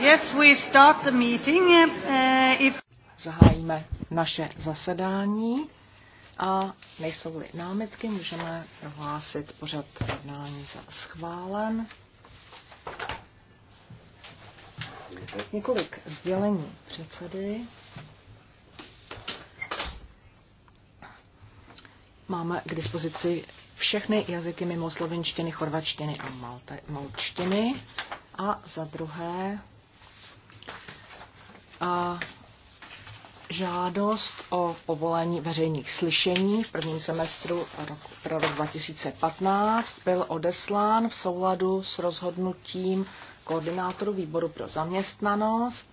Yes, we start the meeting. Uh, if... Zahájíme naše zasedání a nejsou-li námitky, můžeme prohlásit pořad jednání za schválen. Několik sdělení předsedy. Máme k dispozici všechny jazyky mimo slovinštiny, chorvačtiny a malčtiny. A za druhé a žádost o povolení veřejných slyšení v prvním semestru roku, pro rok 2015 byl odeslán v souladu s rozhodnutím koordinátoru výboru pro zaměstnanost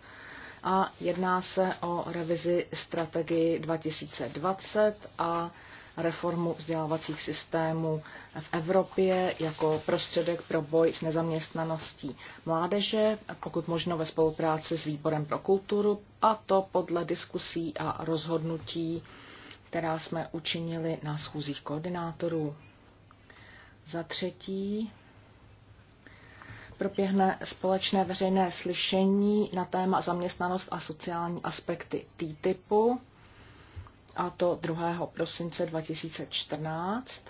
a jedná se o revizi strategii 2020 a reformu vzdělávacích systémů v Evropě jako prostředek pro boj s nezaměstnaností mládeže, pokud možno ve spolupráci s Výborem pro kulturu, a to podle diskusí a rozhodnutí, která jsme učinili na schůzích koordinátorů. Za třetí, proběhne společné veřejné slyšení na téma zaměstnanost a sociální aspekty typu a to 2. prosince 2014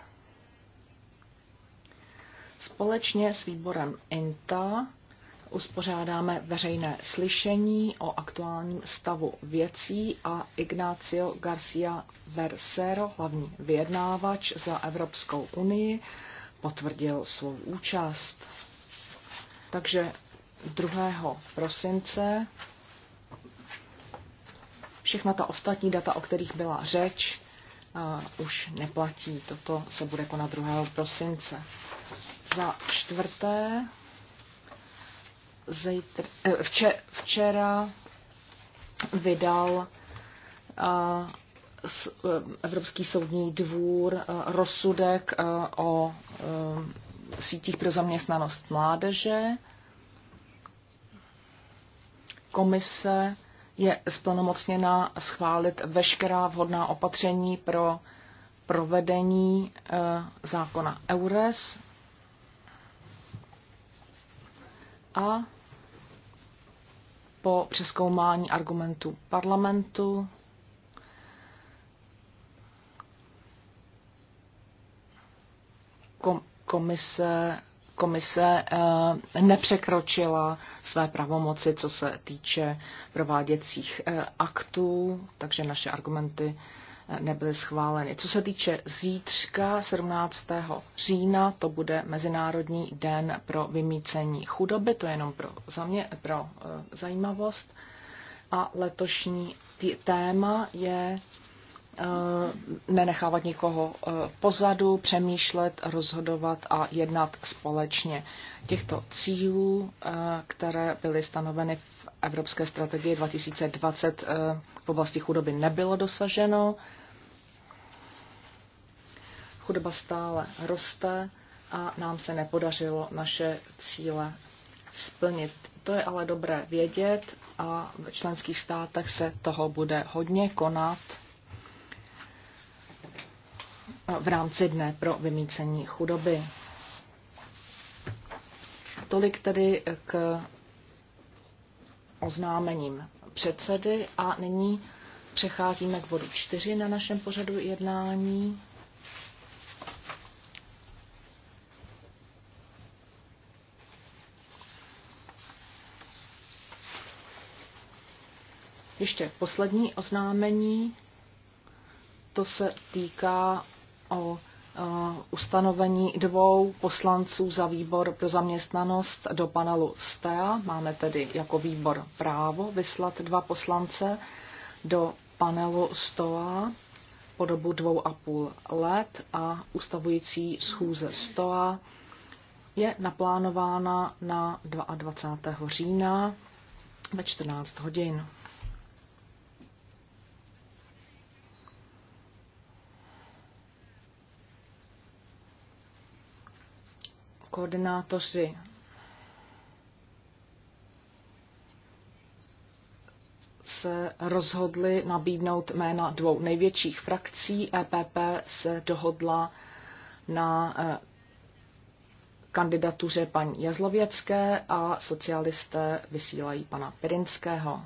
společně s výborem INTA uspořádáme veřejné slyšení o aktuálním stavu věcí a Ignacio Garcia Versero, hlavní vyjednávač za Evropskou unii, potvrdil svou účast. Takže 2. prosince Všechna ta ostatní data, o kterých byla řeč, eh, už neplatí. Toto se bude konat 2. prosince. Za čtvrté, zejtr, eh, vče, včera vydal eh, Evropský soudní dvůr rozsudek o sítích pro zaměstnanost mládeže. Komise je splnomocněna schválit veškerá vhodná opatření pro provedení eh, zákona EURES a po přeskoumání argumentů parlamentu komise komise eh, nepřekročila své pravomoci, co se týče prováděcích eh, aktů, takže naše argumenty eh, nebyly schváleny. Co se týče zítřka 17. října, to bude Mezinárodní den pro vymícení chudoby, to je jenom pro, za mě, pro zajímavost. A letošní téma je Eh, nenechávat nikoho eh, pozadu, přemýšlet, rozhodovat a jednat společně. Těchto cílů, eh, které byly stanoveny v Evropské strategii 2020 v oblasti chudoby, nebylo dosaženo. Chudoba stále roste a nám se nepodařilo naše cíle splnit. To je ale dobré vědět a v členských státech se toho bude hodně konat v rámci dne pro vymícení chudoby. Tolik tedy k oznámením předsedy a nyní přecházíme k bodu 4 na našem pořadu jednání. Ještě poslední oznámení, to se týká o ustanovení dvou poslanců za výbor pro zaměstnanost do panelu STEA. Máme tedy jako výbor právo vyslat dva poslance do panelu STOA po dobu dvou a půl let a ustavující schůze STOA je naplánována na 22. října ve 14 hodin. koordinátoři se rozhodli nabídnout jména dvou největších frakcí. EPP se dohodla na eh, kandidatuře paní Jazlověcké a socialisté vysílají pana Pirinského.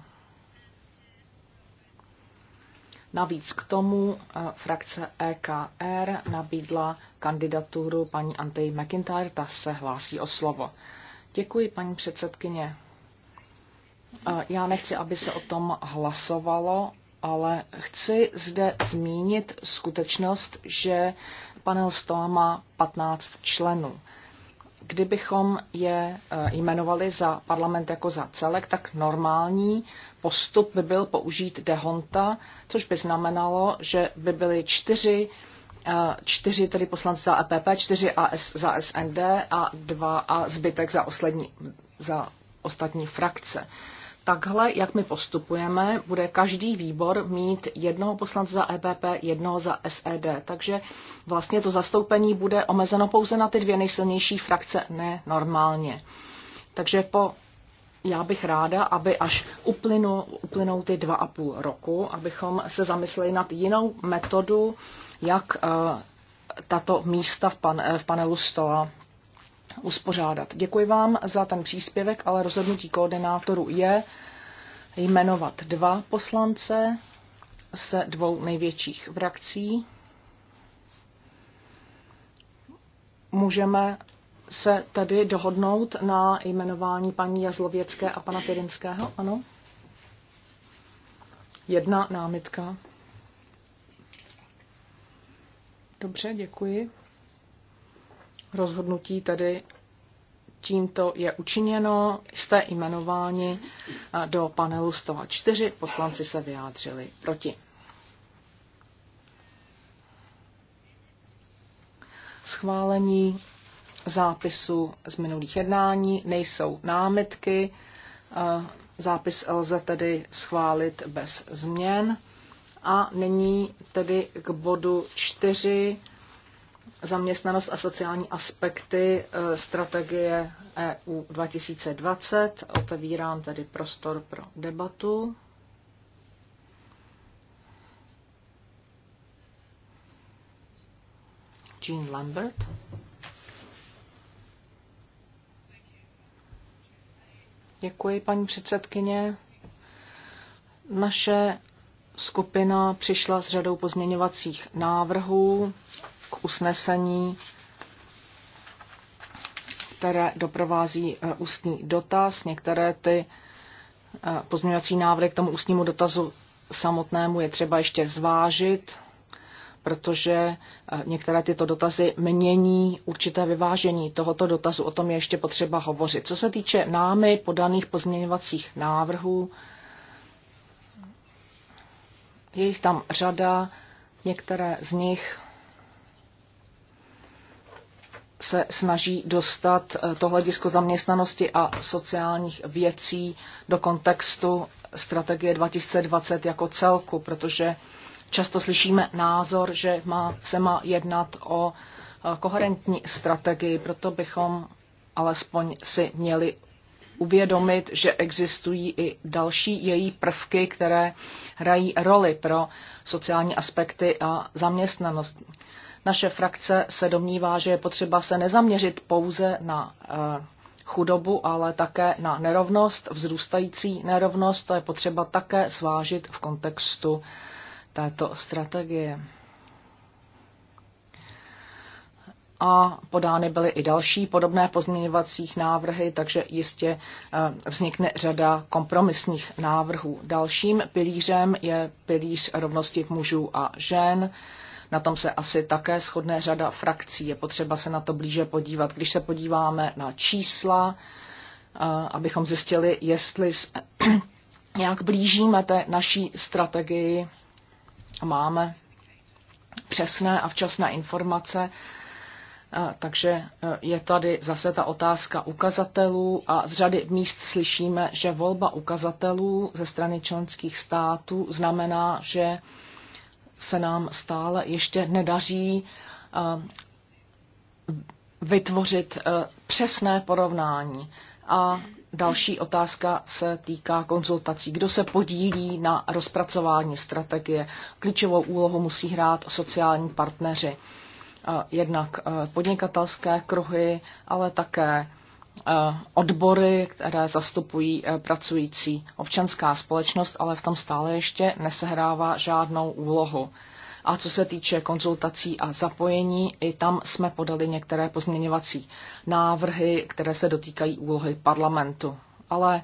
Navíc k tomu eh, frakce EKR nabídla kandidaturu paní Antej McIntyre, ta se hlásí o slovo. Děkuji, paní předsedkyně. Eh, já nechci, aby se o tom hlasovalo, ale chci zde zmínit skutečnost, že panel STOA má 15 členů kdybychom je eh, jmenovali za parlament jako za celek, tak normální postup by byl použít dehonta, což by znamenalo, že by byly čtyři eh, čtyři tedy poslanci za EPP, čtyři AS za SND a dva a zbytek za, oslední, za ostatní frakce takhle, jak my postupujeme, bude každý výbor mít jednoho poslance za EPP, jednoho za SED. Takže vlastně to zastoupení bude omezeno pouze na ty dvě nejsilnější frakce, ne normálně. Takže po já bych ráda, aby až uplynu, uplynou ty dva a půl roku, abychom se zamysleli nad jinou metodu, jak eh, tato místa v, pan, eh, v panelu stola uspořádat. Děkuji vám za ten příspěvek, ale rozhodnutí koordinátoru je jmenovat dva poslance se dvou největších frakcí. Můžeme se tedy dohodnout na jmenování paní Jazlověcké a pana Pirinského, ano? Jedna námitka. Dobře, děkuji rozhodnutí tedy tímto je učiněno. Jste jmenováni do panelu 104. Poslanci se vyjádřili proti. Schválení zápisu z minulých jednání nejsou námitky. Zápis lze tedy schválit bez změn. A nyní tedy k bodu 4 zaměstnanost a sociální aspekty e, strategie EU 2020. Otevírám tedy prostor pro debatu. Jean Lambert. Děkuji, paní předsedkyně. Naše skupina přišla s řadou pozměňovacích návrhů k usnesení, které doprovází e, ústní dotaz. Některé ty e, pozměňovací návrhy k tomu ústnímu dotazu samotnému je třeba ještě zvážit, protože e, některé tyto dotazy mění určité vyvážení tohoto dotazu. O tom je ještě potřeba hovořit. Co se týče námi podaných pozměňovacích návrhů, je jich tam řada, některé z nich se snaží dostat eh, to hledisko zaměstnanosti a sociálních věcí do kontextu strategie 2020 jako celku, protože často slyšíme názor, že má, se má jednat o eh, koherentní strategii, proto bychom alespoň si měli uvědomit, že existují i další její prvky, které hrají roli pro sociální aspekty a zaměstnanost. Naše frakce se domnívá, že je potřeba se nezaměřit pouze na eh, chudobu, ale také na nerovnost, vzrůstající nerovnost. To je potřeba také svážit v kontextu této strategie. a podány byly i další podobné pozměňovacích návrhy, takže jistě eh, vznikne řada kompromisních návrhů. Dalším pilířem je pilíř rovnosti mužů a žen. Na tom se asi také shodne řada frakcí. Je potřeba se na to blíže podívat. Když se podíváme na čísla, eh, abychom zjistili, jestli jak blížíme té naší strategii a máme přesné a včasné informace, eh, takže eh, je tady zase ta otázka ukazatelů a z řady míst slyšíme, že volba ukazatelů ze strany členských států znamená, že se nám stále ještě nedaří eh, vytvořit eh, přesné porovnání. A další otázka se týká konzultací. Kdo se podílí na rozpracování strategie? Klíčovou úlohu musí hrát sociální partneři. Eh, jednak podnikatelské kruhy, ale také Eh, odbory, které zastupují eh, pracující občanská společnost, ale v tom stále ještě nesehrává žádnou úlohu. A co se týče konzultací a zapojení, i tam jsme podali některé pozměňovací návrhy, které se dotýkají úlohy parlamentu. Ale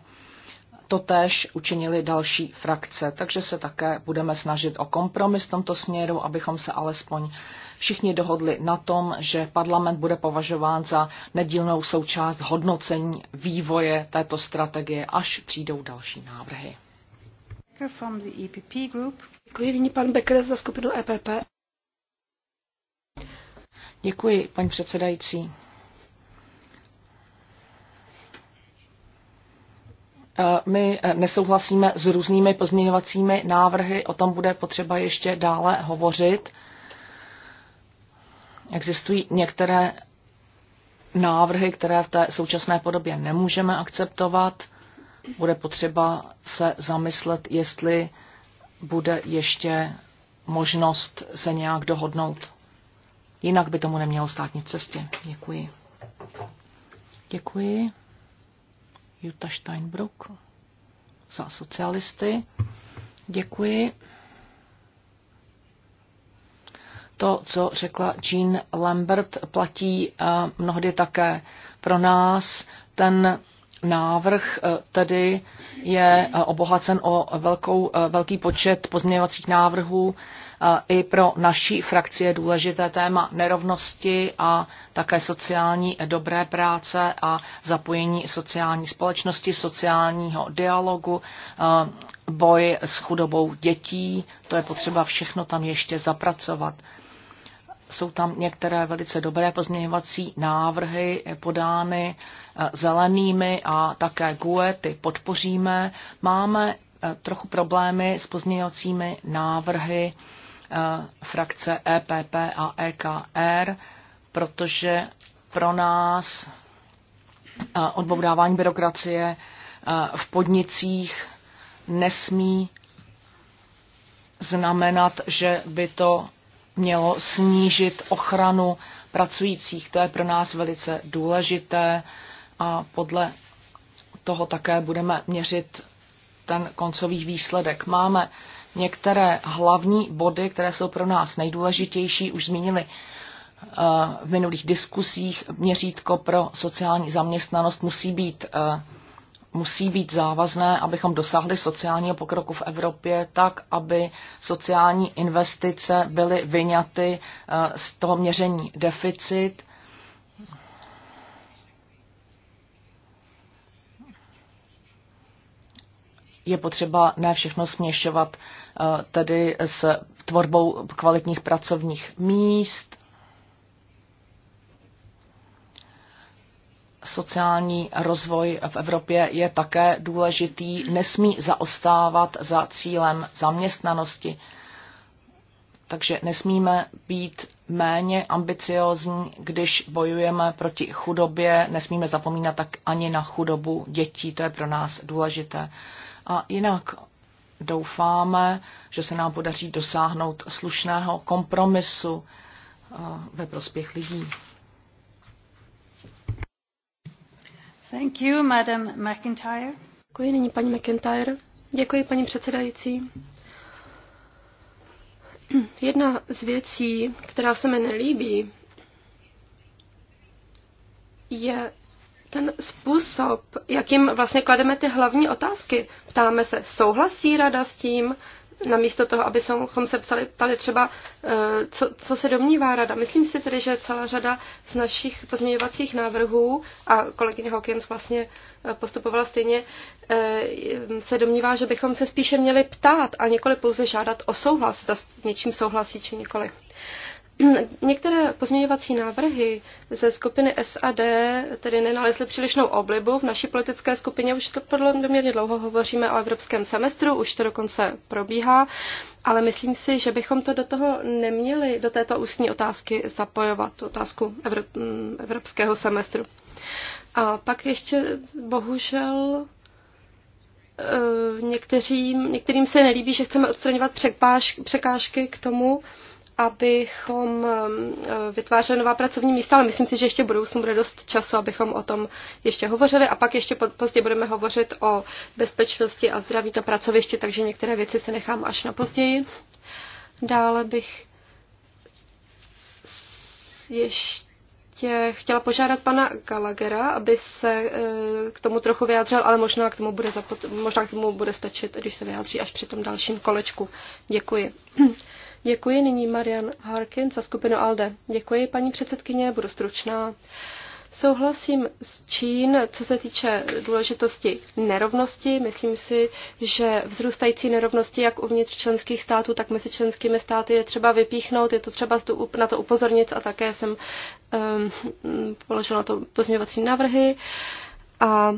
Totéž učinili další frakce, takže se také budeme snažit o kompromis v tomto směru, abychom se alespoň všichni dohodli na tom, že parlament bude považován za nedílnou součást hodnocení vývoje této strategie, až přijdou další návrhy. E Děkuji nyní pan Becker za skupinu EPP. Děkuji, paní předsedající. Eh, my eh, nesouhlasíme s různými pozměňovacími návrhy, o tom bude potřeba ještě dále hovořit. Existují některé návrhy, které v té současné podobě nemůžeme akceptovat. Bude potřeba se zamyslet, jestli bude ještě možnost se nějak dohodnout. Jinak by tomu nemělo stát nic cestě. Děkuji. Děkuji. Jutta Steinbruck za socialisty. Děkuji. To, co řekla Jean Lambert, platí eh, mnohdy také pro nás. Ten návrh eh, tedy je eh, obohacen o velkou, velký počet pozměňovacích návrhů, i pro naší frakci je důležité téma nerovnosti a také sociální dobré práce a zapojení sociální společnosti, sociálního dialogu, boj s chudobou dětí. To je potřeba všechno tam ještě zapracovat. Jsou tam některé velice dobré pozměňovací návrhy podány e, zelenými a také GUE, ty podpoříme. Máme e, trochu problémy s pozměňovacími návrhy Eh, frakce EPP a EKR, protože pro nás eh, odbourávání byrokracie eh, v podnicích nesmí znamenat, že by to mělo snížit ochranu pracujících. To je pro nás velice důležité a podle toho také budeme měřit ten koncový výsledek. Máme Některé hlavní body, které jsou pro nás nejdůležitější, už zmínili eh, v minulých diskusích. Měřítko pro sociální zaměstnanost musí být eh, musí být závazné, abychom dosáhli sociálního pokroku v Evropě tak, aby sociální investice byly vyňaty eh, z toho měření deficit. Je potřeba ne všechno směšovat Eh, tedy s tvorbou kvalitních pracovních míst, sociální rozvoj v Evropě je také důležitý, nesmí zaostávat za cílem zaměstnanosti. Takže nesmíme být méně ambiciozní, když bojujeme proti chudobě, nesmíme zapomínat tak ani na chudobu dětí, to je pro nás důležité. A jinak doufáme, že se nám podaří dosáhnout slušného kompromisu eh, ve prospěch lidí. Thank you, Madam McIntyre. Děkuji, nyní paní McIntyre. Děkuji, paní předsedající. Jedna z věcí, která se mi nelíbí, je, ten způsob, jakým vlastně klademe ty hlavní otázky. Ptáme se, souhlasí rada s tím, namísto toho, abychom se psali, ptali třeba, eh, co, co se domnívá rada. Myslím si tedy, že celá řada z našich pozměňovacích návrhů, a kolegyně Hawkins vlastně eh, postupovala stejně, eh, se domnívá, že bychom se spíše měli ptát a nikoli pouze žádat o souhlas, zda s něčím souhlasí či nikoli. Některé pozměňovací návrhy ze skupiny SAD tedy nenalezly přílišnou oblibu. V naší politické skupině už to podle poměrně dlouho hovoříme o evropském semestru, už to dokonce probíhá, ale myslím si, že bychom to do toho neměli, do této ústní otázky zapojovat, tu otázku mm, evropského semestru. A pak ještě bohužel eh, někteřím, některým se nelíbí, že chceme odstraňovat překážky k tomu, abychom eh, vytvářeli nová pracovní místa, ale myslím si, že ještě budou, budoucnu bude dost času, abychom o tom ještě hovořili a pak ještě později budeme hovořit o bezpečnosti a zdraví na pracovišti, takže některé věci se nechám až na později. Dále bych ještě chtěla požádat pana Gallaghera, aby se eh, k tomu trochu vyjádřil, ale možná k tomu bude, zapot- možná k tomu bude stačit, když se vyjádří až při tom dalším kolečku. Děkuji. Děkuji nyní Marian Harkin za skupinu ALDE. Děkuji, paní předsedkyně, budu stručná. Souhlasím s Čín, co se týče důležitosti nerovnosti. Myslím si, že vzrůstající nerovnosti jak uvnitř členských států, tak mezi členskými státy je třeba vypíchnout, je to třeba na to upozornit a také jsem um, položila to pozměňovací návrhy. A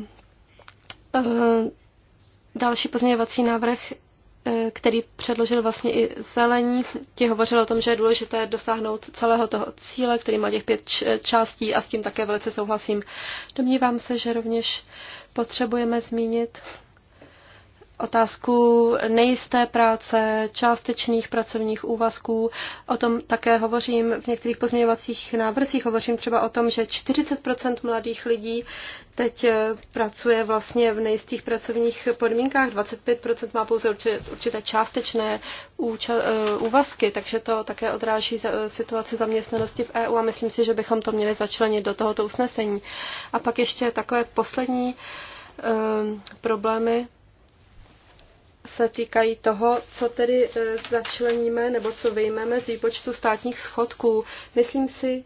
um, další pozměňovací návrh Eh, který předložil vlastně i zelení, ti hovořil o tom, že je důležité dosáhnout celého toho cíle, který má těch pět částí a s tím také velice souhlasím. Domnívám se, že rovněž potřebujeme zmínit otázku nejisté práce, částečných pracovních úvazků. O tom také hovořím v některých pozměňovacích návrzích. Hovořím třeba o tom, že 40% mladých lidí teď eh, pracuje vlastně v nejistých pracovních podmínkách, 25% má pouze určité částečné eh, úvazky, takže to také odráží eh, situaci zaměstnanosti v EU a myslím si, že bychom to měli začlenit do tohoto usnesení. A pak ještě takové poslední problémy se týkají toho, co tedy eh, začleníme nebo co vyjmeme z výpočtu státních schodků. Myslím si,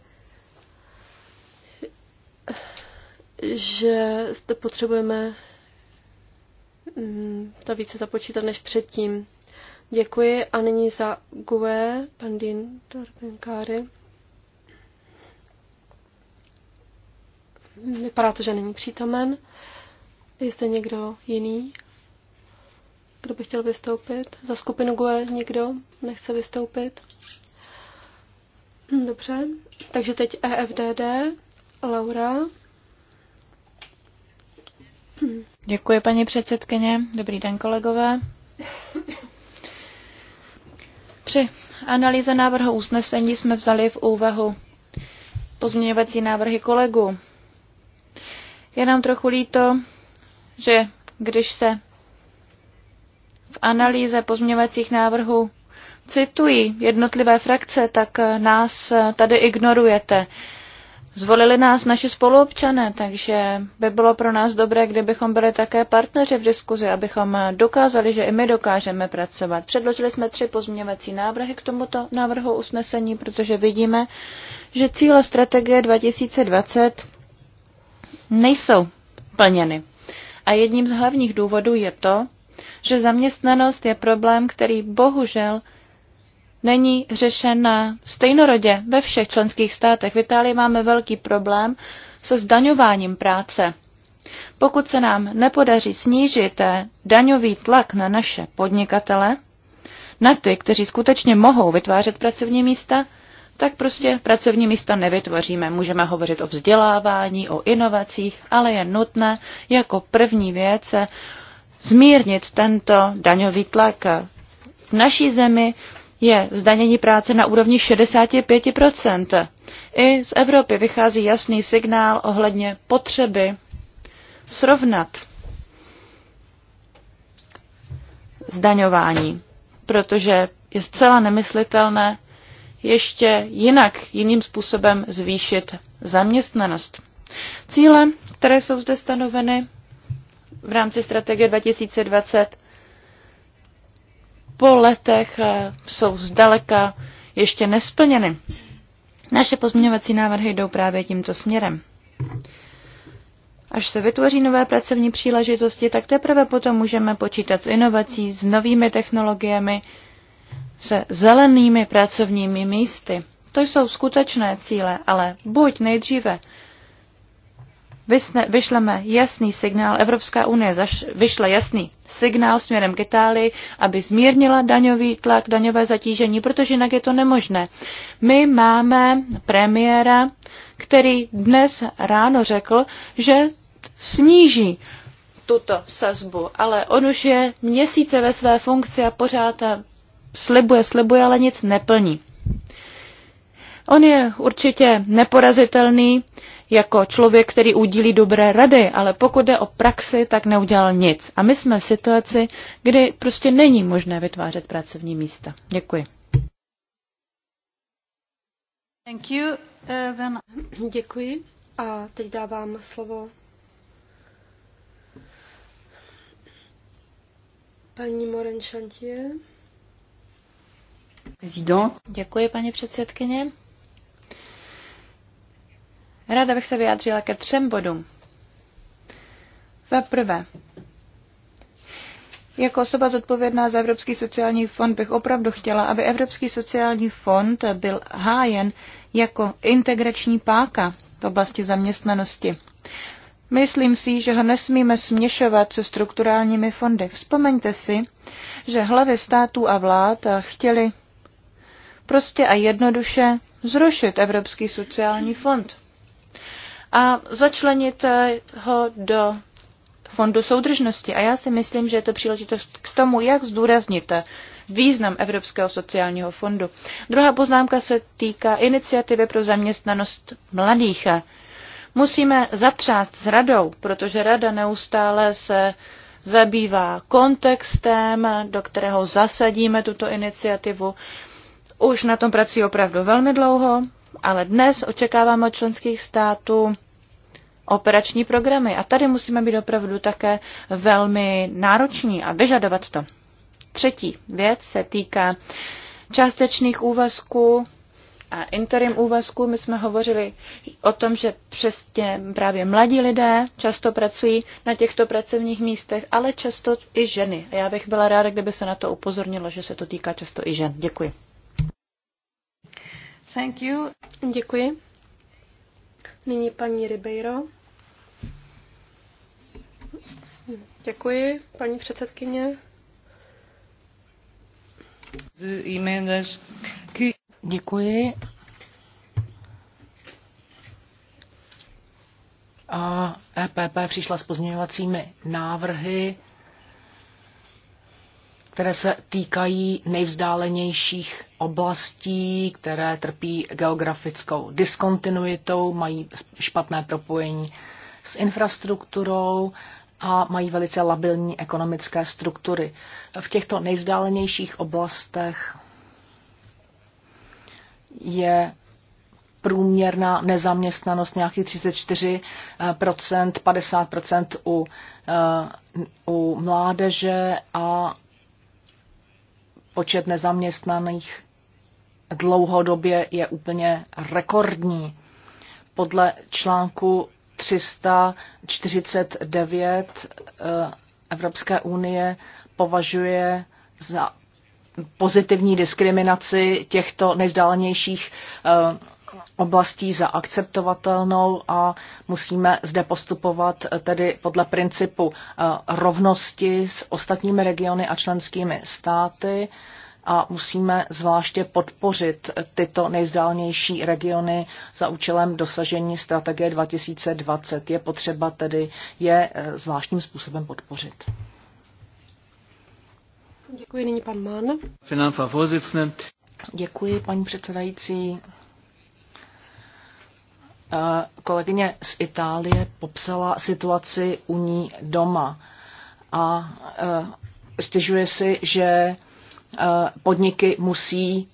že zde potřebujeme mm, ta více započítat než předtím. Děkuji a nyní za Gue, Pandin Darbenkáry. Vypadá to, že není přítomen. Je zde někdo jiný? Kdo by chtěl vystoupit? Za skupinu GUE nikdo nechce vystoupit? Dobře, takže teď EFDD, Laura. Děkuji, paní předsedkyně. Dobrý den, kolegové. Při analýze návrhu usnesení jsme vzali v úvahu pozměňovací návrhy kolegů. Je nám trochu líto, že když se v analýze pozměňovacích návrhů citují jednotlivé frakce, tak nás tady ignorujete. Zvolili nás naši spoluobčané, takže by bylo pro nás dobré, kdybychom byli také partneři v diskuzi, abychom dokázali, že i my dokážeme pracovat. Předložili jsme tři pozměňovací návrhy k tomuto návrhu usnesení, protože vidíme, že cíle strategie 2020 nejsou plněny. A jedním z hlavních důvodů je to, že zaměstnanost je problém, který bohužel není řešen na stejnorodě ve všech členských státech. V Itálii máme velký problém se zdaňováním práce. Pokud se nám nepodaří snížit daňový tlak na naše podnikatele, na ty, kteří skutečně mohou vytvářet pracovní místa, tak prostě pracovní místa nevytvoříme. Můžeme hovořit o vzdělávání, o inovacích, ale je nutné jako první věc zmírnit tento daňový tlak. V naší zemi je zdanění práce na úrovni 65%. I z Evropy vychází jasný signál ohledně potřeby srovnat zdaňování, protože je zcela nemyslitelné ještě jinak, jiným způsobem zvýšit zaměstnanost. Cíle, které jsou zde stanoveny, v rámci strategie 2020 po letech eh, jsou zdaleka ještě nesplněny. Naše pozměňovací návrhy jdou právě tímto směrem. Až se vytvoří nové pracovní příležitosti, tak teprve potom můžeme počítat s inovací, s novými technologiemi, se zelenými pracovními místy. To jsou skutečné cíle, ale buď nejdříve vyšleme jasný signál, Evropská unie zaš, vyšle jasný signál směrem k Itálii, aby zmírnila daňový tlak, daňové zatížení, protože jinak je to nemožné. My máme premiéra, který dnes ráno řekl, že sníží tuto sazbu, ale on už je měsíce ve své funkci a pořád slibuje, slibuje, ale nic neplní. On je určitě neporazitelný, jako člověk, který udílí dobré rady, ale pokud jde o praxi, tak neudělal nic. A my jsme v situaci, kdy prostě není možné vytvářet pracovní místa. Děkuji. Thank you. Uh, then... Děkuji. A teď dávám slovo paní Moren Chantier. Děkuji, paní předsedkyně. Ráda bych se vyjádřila ke třem bodům. Za prvé, jako osoba zodpovědná za Evropský sociální fond bych opravdu chtěla, aby Evropský sociální fond byl hájen jako integrační páka v oblasti zaměstnanosti. Myslím si, že ho nesmíme směšovat se strukturálními fondy. Vzpomeňte si, že hlavy států a vlád chtěli prostě a jednoduše zrušit Evropský sociální fond a začlenit eh, ho do fondu soudržnosti. A já si myslím, že je to příležitost k tomu, jak zdůraznit eh, význam Evropského sociálního fondu. Druhá poznámka se týká iniciativy pro zaměstnanost mladých. Musíme zatřást s radou, protože rada neustále se zabývá kontextem, do kterého zasadíme tuto iniciativu. Už na tom pracují opravdu velmi dlouho, ale dnes očekáváme od členských států operační programy a tady musíme být opravdu také velmi nároční a vyžadovat to. Třetí věc se týká částečných úvazků a interim úvazků. My jsme hovořili o tom, že přesně právě mladí lidé často pracují na těchto pracovních místech, ale často i ženy. Já bych byla ráda, kdyby se na to upozornilo, že se to týká často i žen. Děkuji. Thank you. Děkuji. Nyní paní Ribeiro. Děkuji, paní předsedkyně. Děkuji. A EPP přišla s pozměňovacími návrhy které se týkají nejvzdálenějších oblastí, které trpí geografickou diskontinuitou, mají špatné propojení s infrastrukturou a mají velice labilní ekonomické struktury. V těchto nejvzdálenějších oblastech je průměrná nezaměstnanost nějakých 34%, 50% u, eh, u mládeže a Počet nezaměstnaných dlouhodobě je úplně rekordní. Podle článku 349 eh, Evropské unie považuje za pozitivní diskriminaci těchto nejvzdálenějších eh, oblastí za akceptovatelnou a musíme zde postupovat eh, tedy podle principu eh, rovnosti s ostatními regiony a členskými státy a musíme zvláště podpořit eh, tyto nejzdálnější regiony za účelem dosažení strategie 2020. Je potřeba tedy je zvláštním způsobem podpořit. Děkuji, nyní pan Mann. Děkuji, paní předsedající. Eh, kolegyně z Itálie popsala situaci u ní doma a eh, stěžuje si, že eh, podniky musí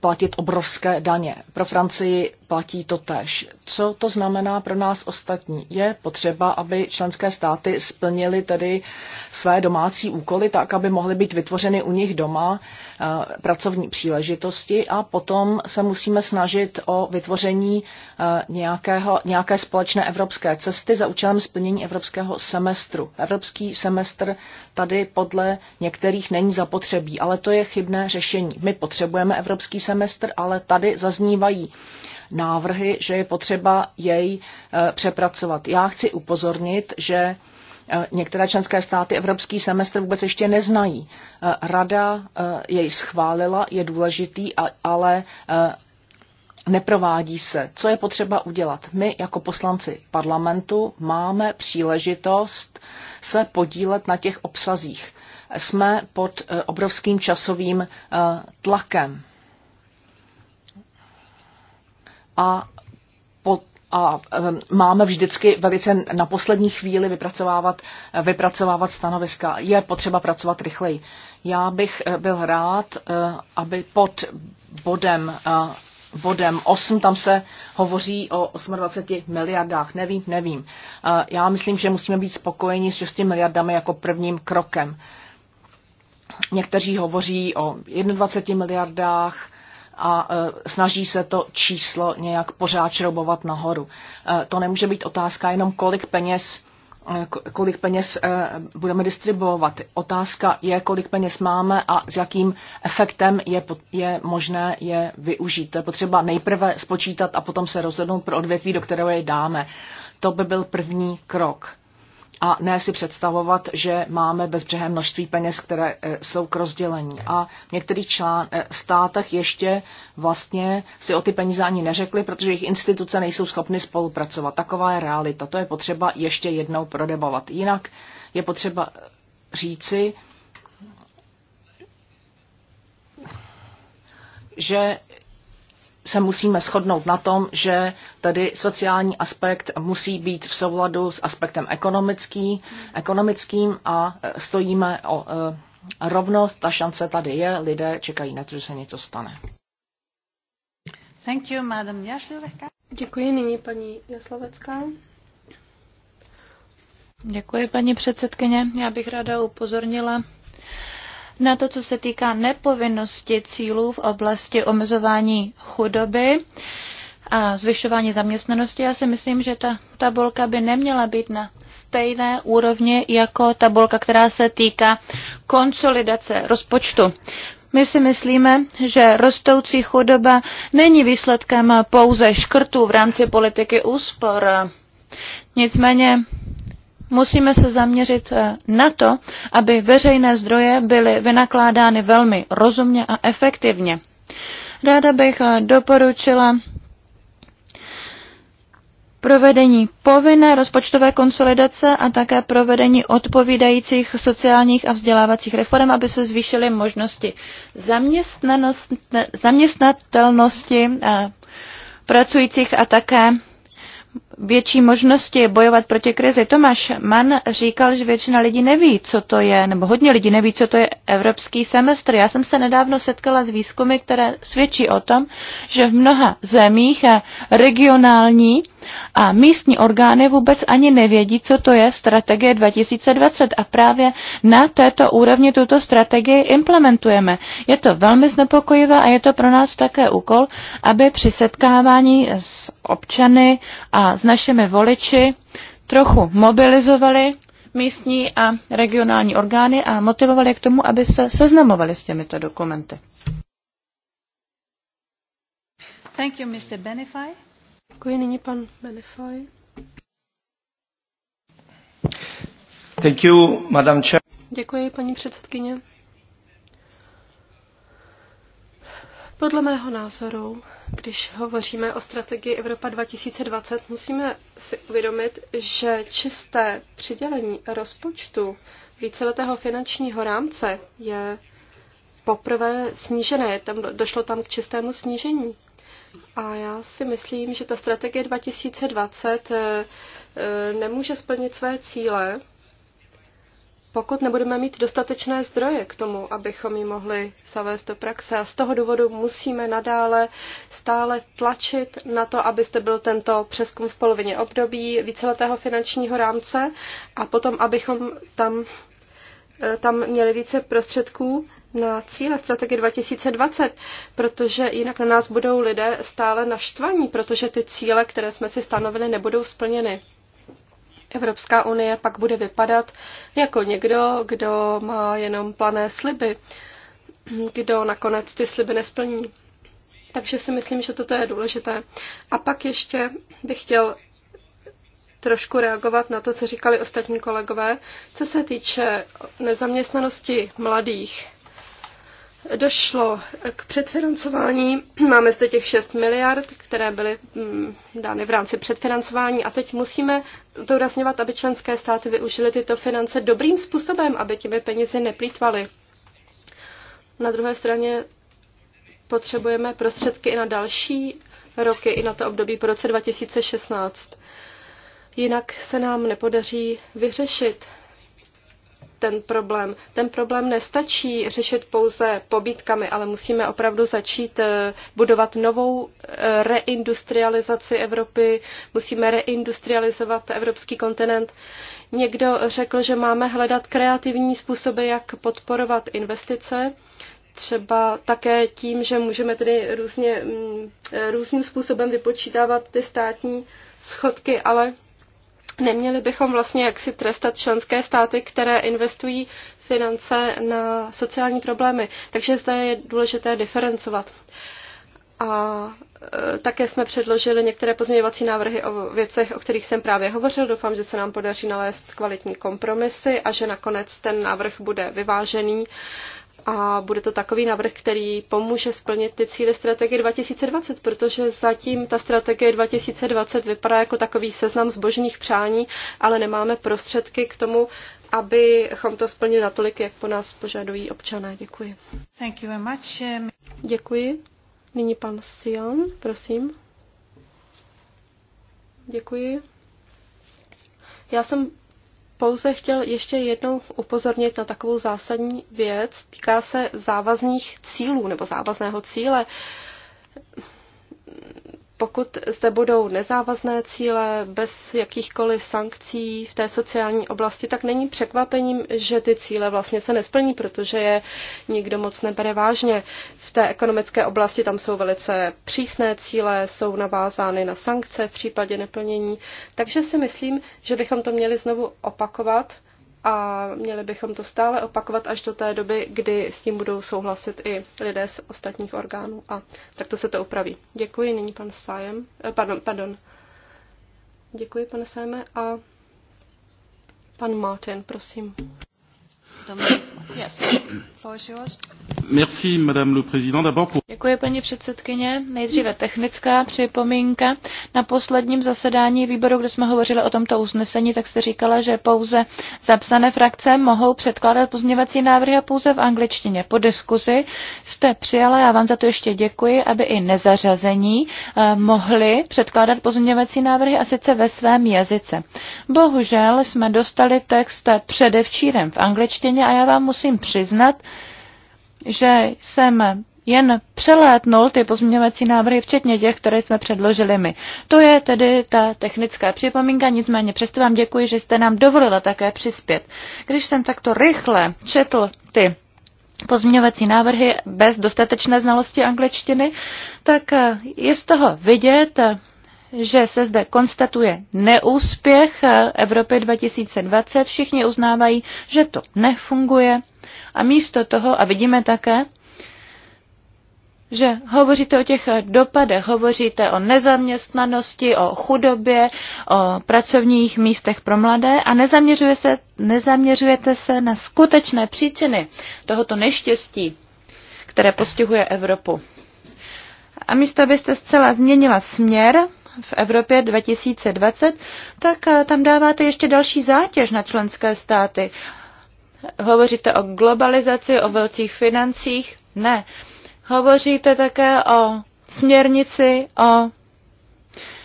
platit obrovské daně. Pro Francii platí to tež. Co to znamená pro nás ostatní? Je potřeba, aby členské státy splnily tedy své domácí úkoly tak, aby mohly být vytvořeny u nich doma eh, pracovní příležitosti a potom se musíme snažit o vytvoření eh, nějakého, nějaké společné evropské cesty za účelem splnění evropského semestru. Evropský semestr tady podle některých není zapotřebí, ale to je chybné řešení. My potřebujeme evropský semestr, ale tady zaznívají návrhy, že je potřeba jej e, přepracovat. Já chci upozornit, že e, některé členské státy evropský semestr vůbec ještě neznají. E, Rada jej schválila, je důležitý, ale neprovádí se. Co je potřeba udělat? My jako poslanci parlamentu máme příležitost se podílet na těch obsazích. Jsme pod obrovským časovým tlakem. a, po, a ehm, máme vždycky velice na poslední chvíli vypracovávat, eh, vypracovávat stanoviska. Je potřeba pracovat rychleji. Já bych eh, byl rád, eh, aby pod bodem bodem 8, tam se hovoří o 28 miliardách. Nevím, nevím. Já myslím, že musíme být spokojeni s 6 miliardami jako prvním krokem. Někteří hovoří o 21 miliardách, a e, snaží se to číslo nějak pořád šroubovat nahoru. E, to nemůže být otázka jenom kolik peněz e, kolik peněz budeme distribuovat. Otázka je, kolik peněz máme a s jakým efektem je, je možné je využít. To je potřeba nejprve spočítat a potom se rozhodnout pro odvětví, do kterého je dáme. To by byl první krok a ne si představovat, že máme bezbřehé množství peněz, které eh, jsou k rozdělení. A v některých člán, eh, státech ještě vlastně si o ty peníze ani neřekli, protože jejich instituce nejsou schopny spolupracovat. Taková je realita. To je potřeba ještě jednou prodebovat. Jinak je potřeba eh, říci, že se musíme shodnout na tom, že tedy sociální aspekt musí být v souladu s aspektem ekonomický, ekonomickým a e, stojíme o e, rovnost, ta šance tady je, lidé čekají na to, že se něco stane. Thank you, madam Děkuji, nyní paní Jaslovecká. Děkuji, paní předsedkyně. Já bych ráda upozornila na to, co se týká nepovinnosti cílů v oblasti omezování chudoby a zvyšování zaměstnanosti. Já si myslím, že ta tabulka by neměla být na stejné úrovni jako tabulka, která se týká konsolidace rozpočtu. My si myslíme, že rostoucí chudoba není výsledkem pouze škrtů v rámci politiky úspor. Nicméně musíme se zaměřit eh, na to, aby veřejné zdroje byly vynakládány velmi rozumně a efektivně. Ráda bych eh, doporučila provedení povinné rozpočtové konsolidace a také provedení odpovídajících sociálních a vzdělávacích reform, aby se zvýšily možnosti zaměstnatelnosti eh, pracujících a také větší možnosti bojovat proti krizi. Tomáš Mann říkal, že většina lidí neví, co to je, nebo hodně lidí neví, co to je evropský semestr. Já jsem se nedávno setkala s výzkumy, které svědčí o tom, že v mnoha zemích eh, regionální a místní orgány vůbec ani nevědí, co to je strategie 2020 a právě na této úrovni tuto strategii implementujeme. Je to velmi znepokojivé a je to pro nás také úkol, aby při setkávání s občany a s našimi voliči trochu mobilizovali místní a regionální orgány a motivovali k tomu, aby se seznamovali s těmito dokumenty. Thank you, Mr. Benefy. Děkuji nyní pan Benefy. Thank you, Madam Chair. Děkuji, paní předsedkyně. Podle mého názoru, když hovoříme o strategii Evropa 2020, musíme si uvědomit, že čisté přidělení rozpočtu víceletého finančního rámce je poprvé snížené. Tam došlo tam k čistému snížení. A já si myslím, že ta strategie 2020 eh, eh, nemůže splnit své cíle, pokud nebudeme mít dostatečné zdroje k tomu, abychom ji mohli zavést do praxe. A z toho důvodu musíme nadále stále tlačit na to, abyste byl tento přeskum v polovině období víceletého finančního rámce a potom, abychom tam, e, tam měli více prostředků na cíle strategie 2020, protože jinak na nás budou lidé stále naštvaní, protože ty cíle, které jsme si stanovili, nebudou splněny. Evropská unie pak bude vypadat jako někdo, kdo má jenom plané sliby, kdo nakonec ty sliby nesplní. Takže si myslím, že toto je důležité. A pak ještě bych chtěl trošku reagovat na to, co říkali ostatní kolegové, co se týče nezaměstnanosti mladých. Došlo k předfinancování, máme zde těch 6 miliard, které byly mm, dány v rámci předfinancování a teď musíme zdůrazňovat, aby členské státy využily tyto finance dobrým způsobem, aby těmi penězi neplýtvaly. Na druhé straně potřebujeme prostředky i na další roky, i na to období po roce 2016. Jinak se nám nepodaří vyřešit ten problém. Ten problém nestačí řešit pouze pobítkami, ale musíme opravdu začít eh, budovat novou eh, reindustrializaci Evropy, musíme reindustrializovat evropský kontinent. Někdo řekl, že máme hledat kreativní způsoby, jak podporovat investice třeba také tím, že můžeme tedy různě, mm, eh, různým způsobem vypočítávat ty státní schodky, ale Neměli bychom vlastně jaksi trestat členské státy, které investují finance na sociální problémy. Takže zde je důležité diferencovat. A e, také jsme předložili některé pozměňovací návrhy o věcech, o kterých jsem právě hovořil. Doufám, že se nám podaří nalézt kvalitní kompromisy a že nakonec ten návrh bude vyvážený a bude to takový návrh, který pomůže splnit ty cíle strategie 2020, protože zatím ta strategie 2020 vypadá jako takový seznam zbožných přání, ale nemáme prostředky k tomu, abychom to splnili natolik, jak po nás požadují občané. Děkuji. Thank you very much. Eh, Děkuji. Nyní pan Sion, prosím. Děkuji. Já jsem pouze chtěl ještě jednou upozornit na takovou zásadní věc. Týká se závazných cílů nebo závazného cíle. Uh, pokud zde budou nezávazné cíle bez jakýchkoliv sankcí v té sociální oblasti, tak není překvapením, že ty cíle vlastně se nesplní, protože je nikdo moc nebere vážně. V té ekonomické oblasti tam jsou velice přísné cíle, jsou navázány na sankce v případě neplnění. Takže si myslím, že bychom to měli znovu opakovat a měli bychom to stále opakovat až do té doby, kdy s tím budou souhlasit i lidé z ostatních orgánů a takto se to upraví. Děkuji, nyní pan Sajem, eh, pardon, pardon. Děkuji, pane Sájeme. a pan Martin, prosím. Yes. Floor is yours. Děkuji, paní předsedkyně. Nejdříve technická připomínka. Na posledním zasedání výboru, kde jsme hovořili o tomto usnesení, tak jste říkala, že pouze zapsané frakce mohou předkládat pozměňovací návrhy a pouze v angličtině. Po diskuzi jste přijala, já vám za to ještě děkuji, aby i nezařazení eh, mohli předkládat pozměňovací návrhy a sice ve svém jazyce. Bohužel jsme dostali text předevčírem v angličtině a já vám musím přiznat, že jsem jen přelétnul ty pozměňovací návrhy, včetně těch, které jsme předložili my. To je tedy ta technická připomínka, nicméně přesto vám děkuji, že jste nám dovolila také přispět. Když jsem takto rychle četl ty pozměňovací návrhy bez dostatečné znalosti angličtiny, tak je z toho vidět, že se zde konstatuje neúspěch Evropy 2020. Všichni uznávají, že to nefunguje a místo toho, a vidíme také, že hovoříte o těch dopadech, hovoříte o nezaměstnanosti, o chudobě, o pracovních místech pro mladé a nezaměřuje se, nezaměřujete se na skutečné příčiny tohoto neštěstí, které postihuje Evropu. A místo, abyste zcela změnila směr v Evropě 2020, tak eh, tam dáváte ještě další zátěž na členské státy. Hovoříte o globalizaci, o velcích financích? Ne. Hovoříte také o směrnici, o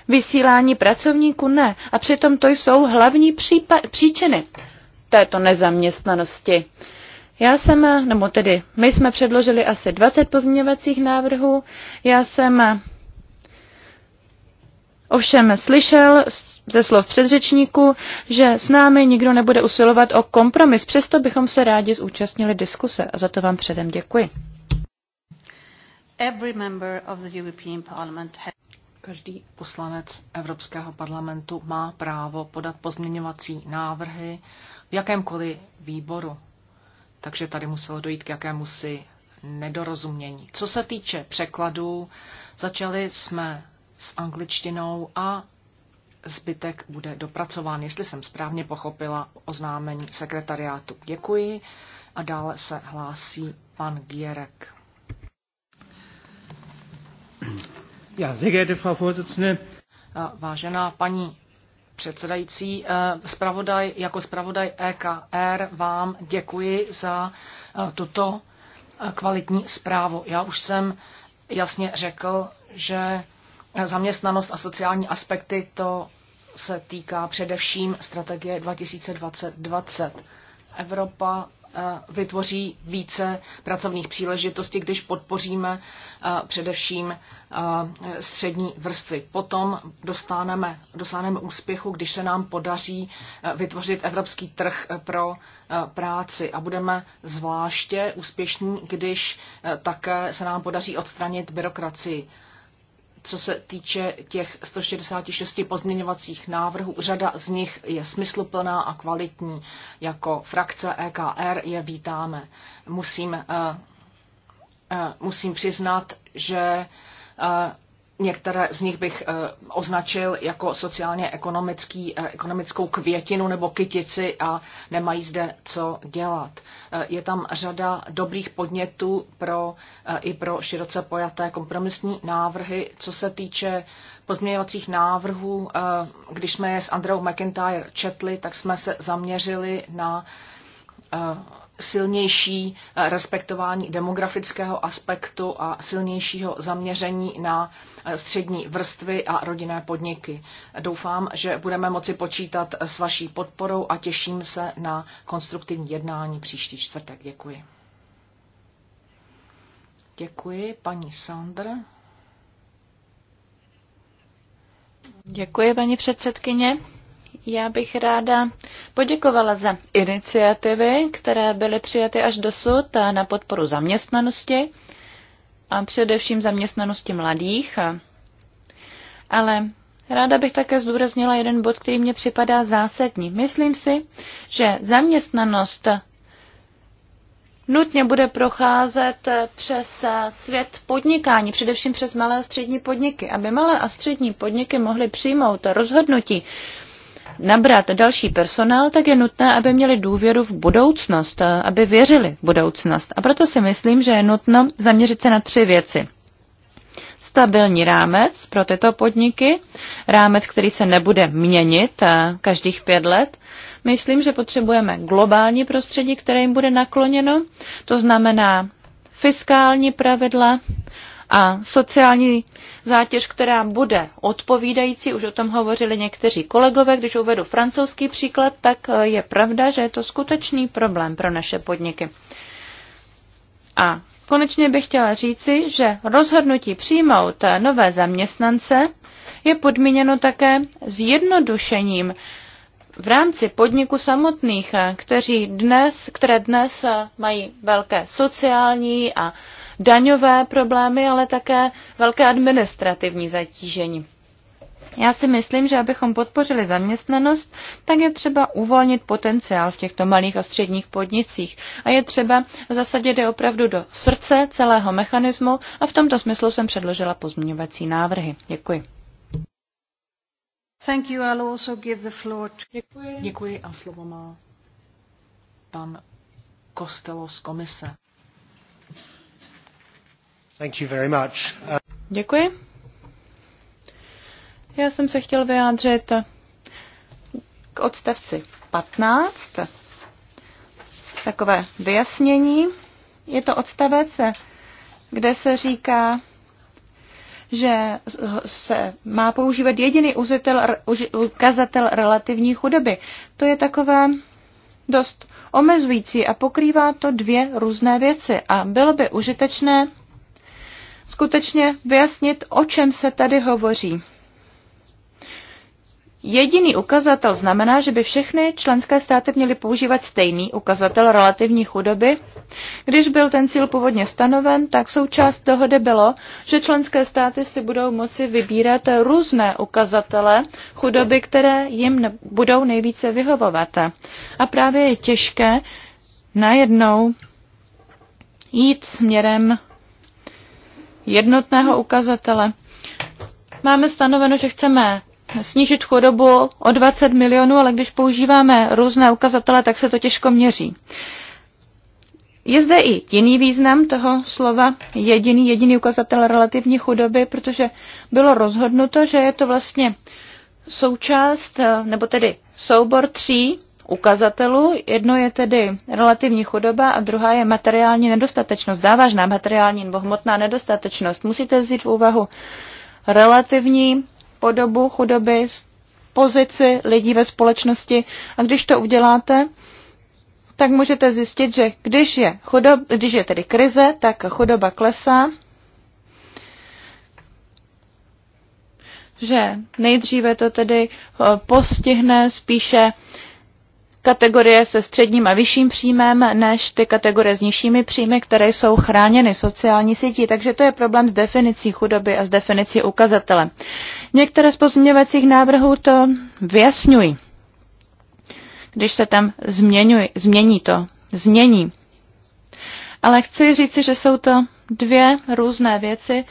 vysílání pracovníků? Ne. A přitom to jsou hlavní přípa- příčiny této nezaměstnanosti. Já jsem, nebo tedy my jsme předložili asi 20 pozměňovacích návrhů, já jsem ovšem slyšel ze slov předřečníku, že s námi nikdo nebude usilovat o kompromis, přesto bychom se rádi zúčastnili diskuse a za to vám předem děkuji. Každý poslanec Evropského parlamentu má právo podat pozměňovací návrhy v jakémkoliv výboru. Takže tady muselo dojít k jakému si nedorozumění. Co se týče překladů, začali jsme s angličtinou a zbytek bude dopracován, jestli jsem správně pochopila oznámení sekretariátu. Děkuji a dále se hlásí pan Gierek. Ja, sehr geehrte Frau Vorsitzende. Vážená paní předsedající, spravodaj, eh, jako zpravodaj EKR vám děkuji za eh, tuto eh, kvalitní zprávu. Já už jsem jasně řekl, že Zaměstnanost a sociální aspekty to se týká především strategie 2020. Evropa eh, vytvoří více pracovních příležitostí, když podpoříme eh, především eh, střední vrstvy. Potom dostaneme, dostaneme úspěchu, když se nám podaří vytvořit evropský trh pro práci a budeme zvláště úspěšní, když také se nám podaří odstranit byrokracii co se týče těch 166 pozměňovacích návrhů, řada z nich je smysluplná a kvalitní. Jako frakce EKR je vítáme. Musím, eh, eh, musím přiznat, že eh, Některé z nich bych eh, označil jako sociálně ekonomický, eh, ekonomickou květinu nebo kytici a nemají zde co dělat. Eh, je tam řada dobrých podnětů pro, i pro široce pojaté kompromisní návrhy. Co se týče pozměňovacích návrhů, když jsme je s Andreou McIntyre četli, tak jsme se zaměřili na silnější eh, respektování demografického aspektu a silnějšího zaměření na eh, střední vrstvy a rodinné podniky. Doufám, že budeme moci počítat s vaší podporou a těším se na konstruktivní jednání příští čtvrtek. Děkuji. Děkuji, paní Sandr. Děkuji, paní předsedkyně. Já bych ráda poděkovala za iniciativy, které byly přijaty až dosud na podporu zaměstnanosti a především zaměstnanosti mladých. Ale ráda bych také zdůraznila jeden bod, který mě připadá zásadní. Myslím si, že zaměstnanost nutně bude procházet přes svět podnikání, především přes malé a střední podniky. Aby malé a střední podniky mohly přijmout rozhodnutí nabrat další personál, tak je nutné, aby měli důvěru v budoucnost, aby věřili v budoucnost. A proto si myslím, že je nutno zaměřit se na tři věci. Stabilní rámec pro tyto podniky, rámec, který se nebude měnit eh, každých pět let. Myslím, že potřebujeme globální prostředí, které jim bude nakloněno, to znamená fiskální pravidla, a sociální zátěž, která bude odpovídající, už o tom hovořili někteří kolegové, když uvedu francouzský příklad, tak eh, je pravda, že je to skutečný problém pro naše podniky. A konečně bych chtěla říci, že rozhodnutí přijmout eh, nové zaměstnance je podmíněno také zjednodušením v rámci podniku samotných, eh, kteří dnes, které dnes mají velké sociální a daňové problémy, ale také velké administrativní zatížení. Já si myslím, že abychom podpořili zaměstnanost, tak je třeba uvolnit potenciál v těchto malých a středních podnicích a je třeba zasadit je opravdu do srdce celého mechanismu a v tomto smyslu jsem předložila pozměňovací návrhy. Děkuji. Thank you. I'll also give the floor to... Děkuji. Děkuji a slovo má pan Kostelo z komise. Děkuji. Já jsem se chtěl vyjádřit k odstavci 15. Takové vyjasnění. Je to odstavec, kde se říká, že se má používat jediný uzitel, ukazatel relativní chudoby. To je takové dost omezující a pokrývá to dvě různé věci a bylo by užitečné skutečně vyjasnit, o čem se tady hovoří. Jediný ukazatel znamená, že by všechny členské státy měly používat stejný ukazatel relativní chudoby. Když byl ten cíl původně stanoven, tak součást dohody bylo, že členské státy si budou moci vybírat různé ukazatele chudoby, které jim budou nejvíce vyhovovat. A právě je těžké najednou jít směrem jednotného ukazatele. Máme stanoveno, že chceme snížit chudobu o 20 milionů, ale když používáme různé ukazatele, tak se to těžko měří. Je zde i jiný význam toho slova jediný, jediný ukazatel relativní chudoby, protože bylo rozhodnuto, že je to vlastně součást, nebo tedy soubor tří ukazatelů. Jedno je tedy relativní chudoba a druhá je materiální nedostatečnost, závažná materiální nebo hmotná nedostatečnost. Musíte vzít v úvahu relativní podobu chudoby, pozici lidí ve společnosti a když to uděláte, tak můžete zjistit, že když je, chudob, když je tedy krize, tak chudoba klesá, že nejdříve to tedy postihne spíše kategorie se středním a vyšším příjmem než ty kategorie s nižšími příjmy, které jsou chráněny sociální sítí. Takže to je problém s definicí chudoby a s definicí ukazatele. Některé z pozměňovacích návrhů to vyjasňují, když se tam změňuj, změní to, změní. Ale chci říci, že jsou to dvě různé věci,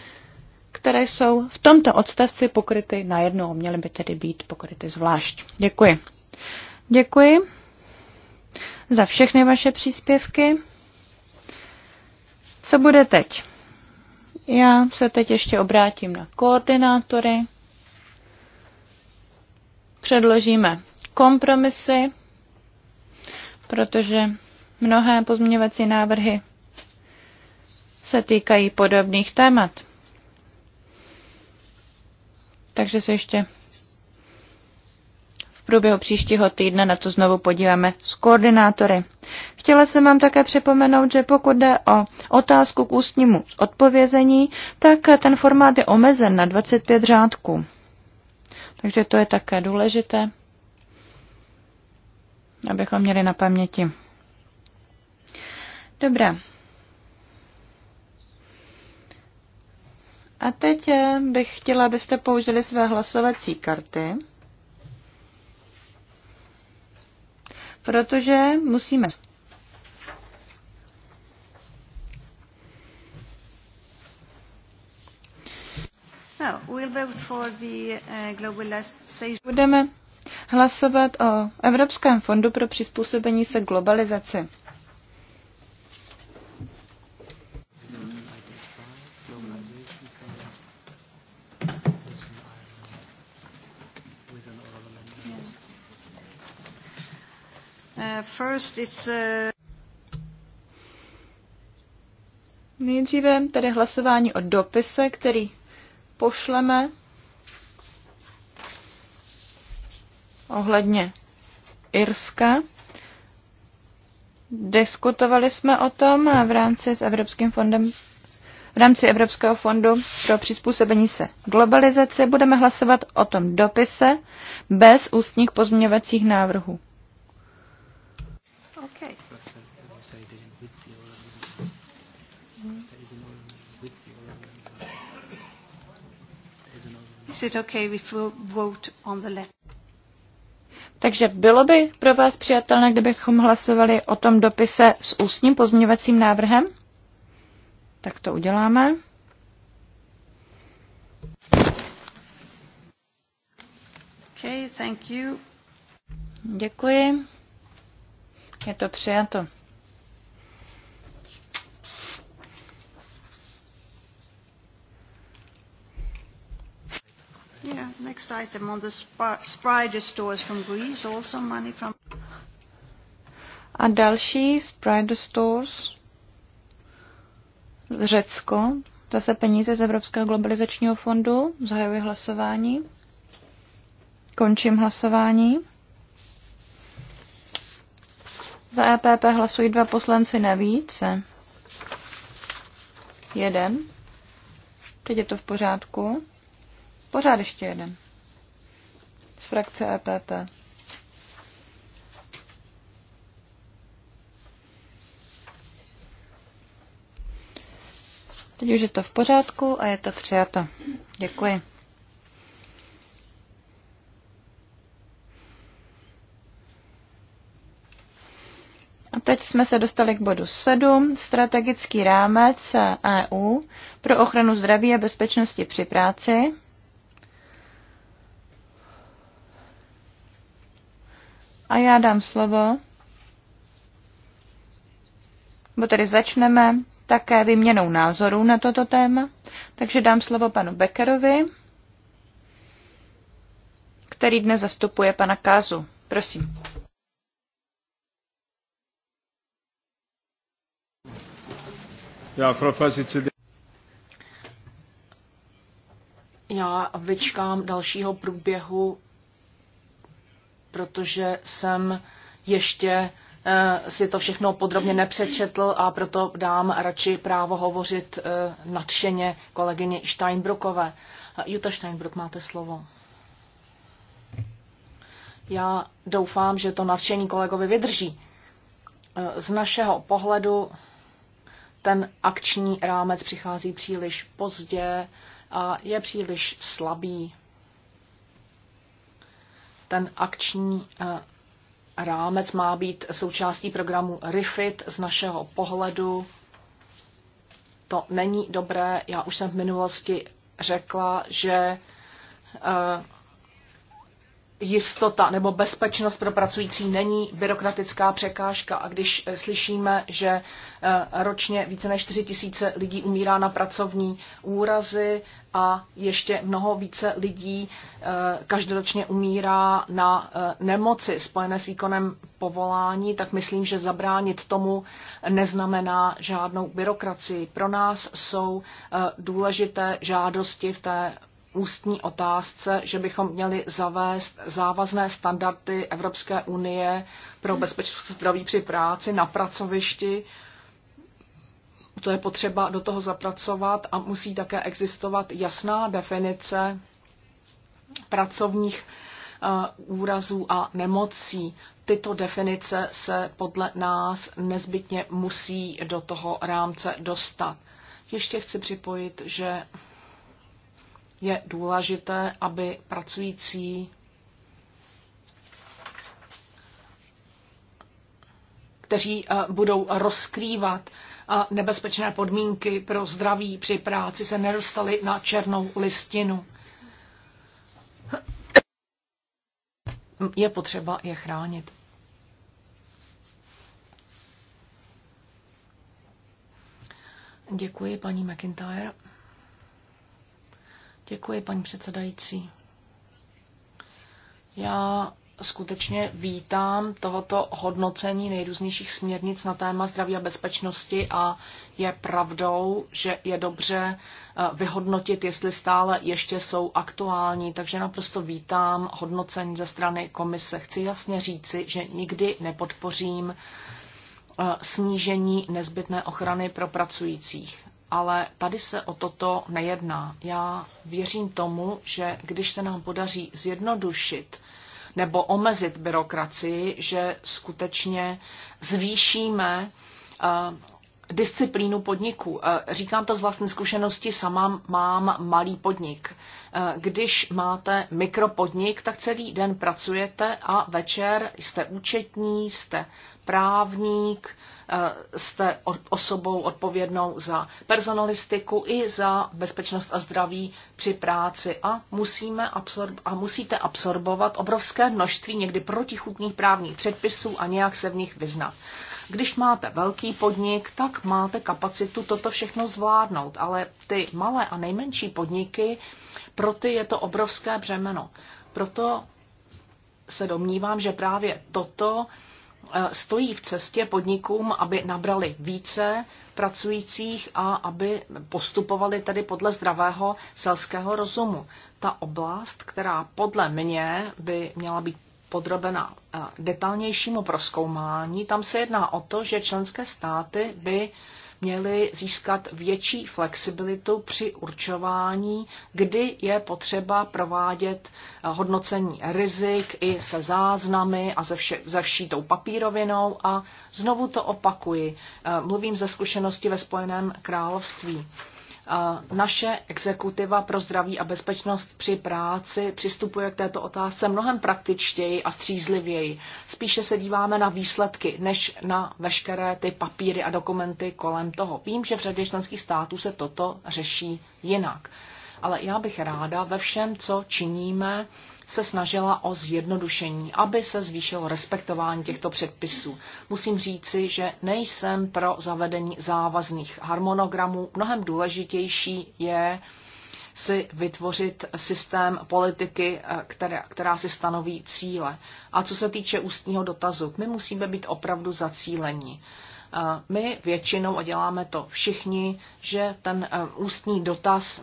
které jsou v tomto odstavci pokryty najednou, měly by tedy být pokryty zvlášť. Děkuji. Děkuji za všechny vaše příspěvky. Co bude teď? Já se teď ještě obrátím na koordinátory. Předložíme kompromisy, protože mnohé pozměňovací návrhy se týkají podobných témat. Takže se ještě průběhu příštího týdne na to znovu podíváme s koordinátory. Chtěla jsem vám také připomenout, že pokud jde o otázku k ústnímu odpovězení, tak ten formát je omezen na 25 řádků. Takže to je také důležité, abychom měli na paměti. Dobrá. A teď eh, bych chtěla, abyste použili své hlasovací karty. protože musíme. Uh, Budeme hlasovat o Evropském fondu pro přizpůsobení se globalizaci. Uh, uh, Nejdříve tedy hlasování o dopise, který pošleme ohledně Irska. Diskutovali jsme o tom v rámci s Evropským fondem v rámci Evropského fondu pro přizpůsobení se globalizaci budeme hlasovat o tom dopise bez ústních pozměňovacích návrhů. Is it okay if we vote on the letter? Takže bylo by pro vás přijatelné, kdybychom hlasovali o tom dopise s ústním pozměňovacím návrhem? Tak to uděláme. Okay, thank you. Děkuji. Je to přijato. Next item on the Spider stores from Greece, also money from... A další Sprider stores Řecko, zase peníze z Evropského globalizačního fondu. Zahajuji hlasování. Končím hlasování. Za EPP hlasují dva poslanci nevíce. Jeden. Teď je to v pořádku. Pořád ještě jeden. Z frakce EPP. Teď už je to v pořádku a je to přijato. Děkuji. A teď jsme se dostali k bodu 7. Strategický rámec EU pro ochranu zdraví a bezpečnosti při práci. a já dám slovo, bo tedy začneme také vyměnou názorů na toto téma, takže dám slovo panu Beckerovi, který dnes zastupuje pana Kázu. Prosím. Já, Já vyčkám dalšího průběhu protože jsem ještě eh, si to všechno podrobně nepřečetl a proto dám radši právo hovořit eh, nadšeně kolegyně Steinbrukové. Eh, Jutta Steinbruk, máte slovo. Já doufám, že to nadšení kolegovi vydrží. Z našeho pohledu ten akční rámec přichází příliš pozdě a je příliš slabý ten akční eh, rámec má být součástí programu RIFIT z našeho pohledu. To není dobré. Já už jsem v minulosti řekla, že eh, jistota nebo bezpečnost pro pracující není byrokratická překážka. A když eh, slyšíme, že eh, ročně více než 4 tisíce lidí umírá na pracovní úrazy a ještě mnoho více lidí eh, každoročně umírá na nemoci spojené s výkonem povolání, tak myslím, že zabránit tomu neznamená žádnou byrokracii. Pro nás jsou důležité žádosti v té ústní otázce, že bychom měli zavést závazné standardy Evropské unie pro bezpečnost zdraví při práci na pracovišti. To je potřeba do toho zapracovat a musí také existovat jasná definice pracovních eh, úrazů a nemocí. Tyto definice se podle nás nezbytně musí do toho rámce dostat. Ještě chci připojit, že je důležité, aby pracující kteří eh, budou rozkrývat eh, nebezpečné podmínky pro zdraví při práci, se nedostali na černou listinu. Je potřeba je chránit. Děkuji, paní McIntyre. Děkuji, paní předsedající. Já skutečně vítám tohoto hodnocení nejrůznějších směrnic na téma zdraví a bezpečnosti a je pravdou, že je dobře eh, vyhodnotit, jestli stále ještě jsou aktuální. Takže naprosto vítám hodnocení ze strany komise. Chci jasně říci, že nikdy nepodpořím eh, snížení nezbytné ochrany pro pracujících ale tady se o toto nejedná. Já věřím tomu, že když se nám podaří zjednodušit nebo omezit byrokracii, že skutečně zvýšíme eh, disciplínu podniku. E, říkám to z vlastní zkušenosti, sama mám malý podnik. E, když máte mikropodnik, tak celý den pracujete a večer jste účetní, jste právník, e, jste osobou odpovědnou za personalistiku i za bezpečnost a zdraví při práci a, musíme absorb- a musíte absorbovat obrovské množství někdy protichutných právních předpisů a nějak se v nich vyznat. Když máte velký podnik, tak máte kapacitu toto všechno zvládnout, ale ty malé a nejmenší podniky, pro ty je to obrovské břemeno. Proto se domnívám, že právě toto eh, stojí v cestě podnikům, aby nabrali více pracujících a aby postupovali tedy podle zdravého selského rozumu. Ta oblast, která podle mě by měla být podrobena eh, detalnějšímu proskoumání. Tam se jedná o to, že členské státy by měly získat větší flexibilitu při určování, kdy je potřeba provádět eh, hodnocení rizik i se záznamy a ze, vše, ze vší tou papírovinou. A znovu to opakuji, eh, mluvím ze zkušenosti ve Spojeném království naše exekutiva pro zdraví a bezpečnost při práci přistupuje k této otázce mnohem praktičtěji a střízlivěji. Spíše se díváme na výsledky, než na veškeré ty papíry a dokumenty kolem toho. Vím, že v řadě členských států se toto řeší jinak ale já bych ráda ve všem, co činíme, se snažila o zjednodušení, aby se zvýšilo respektování těchto předpisů. Musím říci, že nejsem pro zavedení závazných harmonogramů. Mnohem důležitější je si vytvořit systém politiky, eh, která, která si stanoví cíle. A co se týče ústního dotazu, my musíme být opravdu zacílení eh, my většinou, a děláme to všichni, že ten eh, ústní dotaz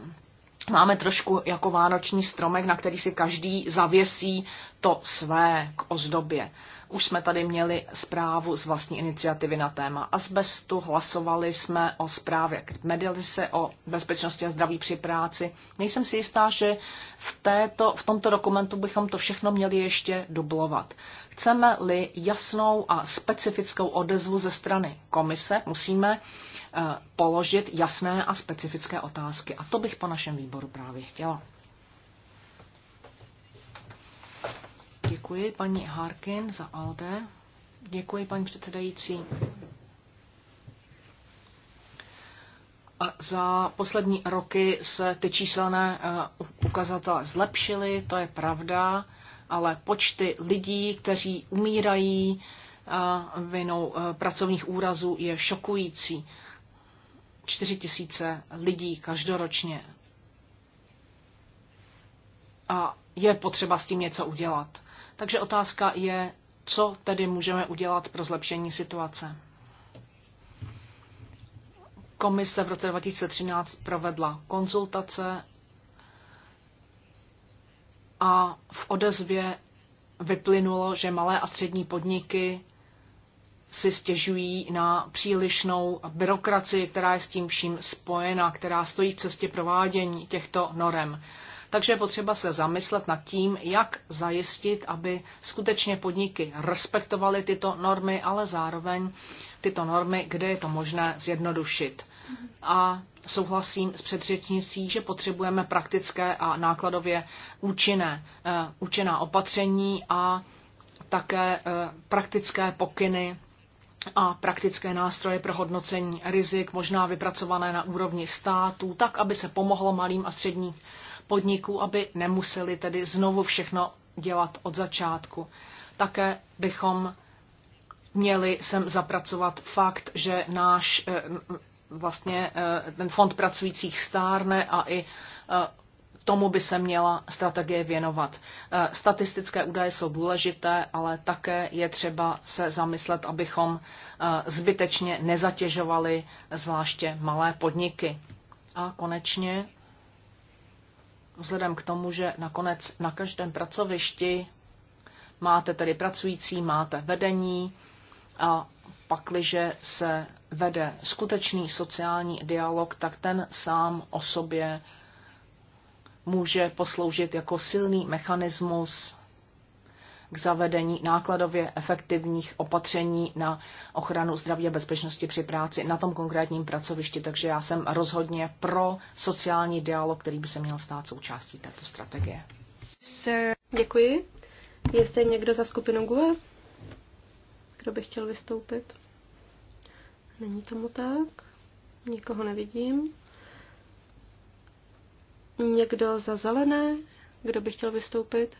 Máme trošku jako vánoční stromek, na který si každý zavěsí to své k ozdobě. Už jsme tady měli zprávu z vlastní iniciativy na téma asbestu, hlasovali jsme o zprávě Medilise o bezpečnosti a zdraví při práci. Nejsem si jistá, že v, této, v tomto dokumentu bychom to všechno měli ještě dublovat. Chceme-li jasnou a specifickou odezvu ze strany komise, musíme Eh, položit jasné a specifické otázky. A to bych po našem výboru právě chtěla. Děkuji paní Harkin za ALDE. Děkuji paní předsedající. A za poslední roky se ty číselné eh, ukazatele zlepšily, to je pravda, ale počty lidí, kteří umírají eh, vinou pracovních úrazů, je šokující. 4 tisíce lidí každoročně. A je potřeba s tím něco udělat. Takže otázka je, co tedy můžeme udělat pro zlepšení situace. Komise v roce 2013 provedla konzultace a v odezvě vyplynulo, že malé a střední podniky si stěžují na přílišnou byrokracii, která je s tím vším spojena, která stojí v cestě provádění těchto norem. Takže je potřeba se zamyslet nad tím, jak zajistit, aby skutečně podniky respektovaly tyto normy, ale zároveň tyto normy, kde je to možné zjednodušit. A souhlasím s předřečnicí, že potřebujeme praktické a nákladově účinné, eh, účinná opatření a také eh, praktické pokyny a praktické nástroje pro hodnocení rizik, možná vypracované na úrovni států, tak, aby se pomohlo malým a středním podniku, aby nemuseli tedy znovu všechno dělat od začátku. Také bychom měli sem zapracovat fakt, že náš eh, vlastně eh, ten fond pracujících stárne a i eh, tomu by se měla strategie věnovat. Eh, statistické údaje jsou důležité, ale také je třeba se zamyslet, abychom eh, zbytečně nezatěžovali zvláště malé podniky. A konečně, vzhledem k tomu, že nakonec na každém pracovišti máte tedy pracující, máte vedení a pakliže se vede skutečný sociální dialog, tak ten sám o sobě může posloužit jako silný mechanismus k zavedení nákladově efektivních opatření na ochranu zdraví a bezpečnosti při práci na tom konkrétním pracovišti. Takže já jsem rozhodně pro sociální dialog, který by se měl stát součástí této strategie. Sir. Děkuji. Je zde někdo za skupinu GUE, kdo by chtěl vystoupit? Není tomu tak. Nikoho nevidím. Někdo za zelené? Kdo by chtěl vystoupit?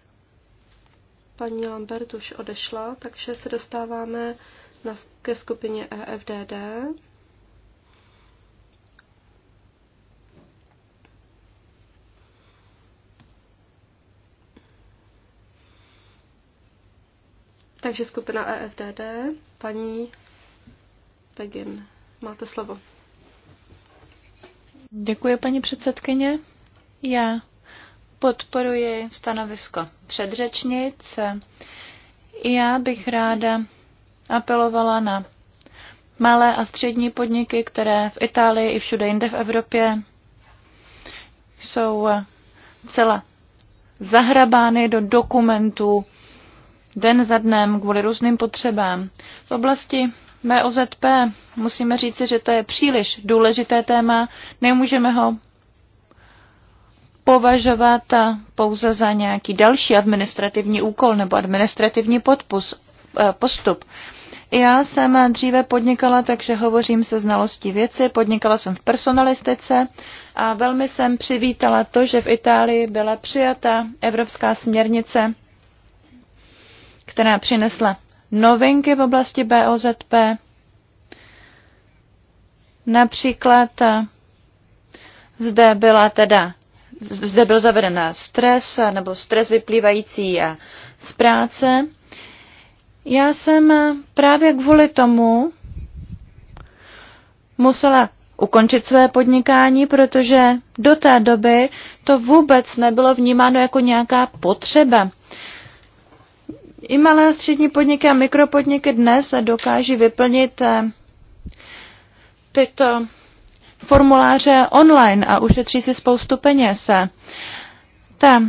Paní Lambert už odešla, takže se dostáváme na, ke skupině EFDD. Takže skupina EFDD, paní Pegin, máte slovo. Děkuji, paní předsedkyně. Já podporuji stanovisko předřečnic. Já bych ráda apelovala na malé a střední podniky, které v Itálii i všude jinde v Evropě jsou celá zahrabány do dokumentů den za dnem kvůli různým potřebám. V oblasti BOZP musíme říci, že to je příliš důležité téma, nemůžeme ho považovat pouze za nějaký další administrativní úkol nebo administrativní podpus, eh, postup. Já jsem dříve podnikala, takže hovořím se znalostí věci, podnikala jsem v personalistice a velmi jsem přivítala to, že v Itálii byla přijata evropská směrnice, která přinesla novinky v oblasti BOZP, například eh, zde byla teda zde byl zaveden stres nebo stres vyplývající eh, z práce. Já jsem eh, právě kvůli tomu musela ukončit své podnikání, protože do té doby to vůbec nebylo vnímáno jako nějaká potřeba. I malé a střední podniky a mikropodniky dnes dokáží vyplnit eh, tyto formuláře online a ušetří si spoustu peněz. Ta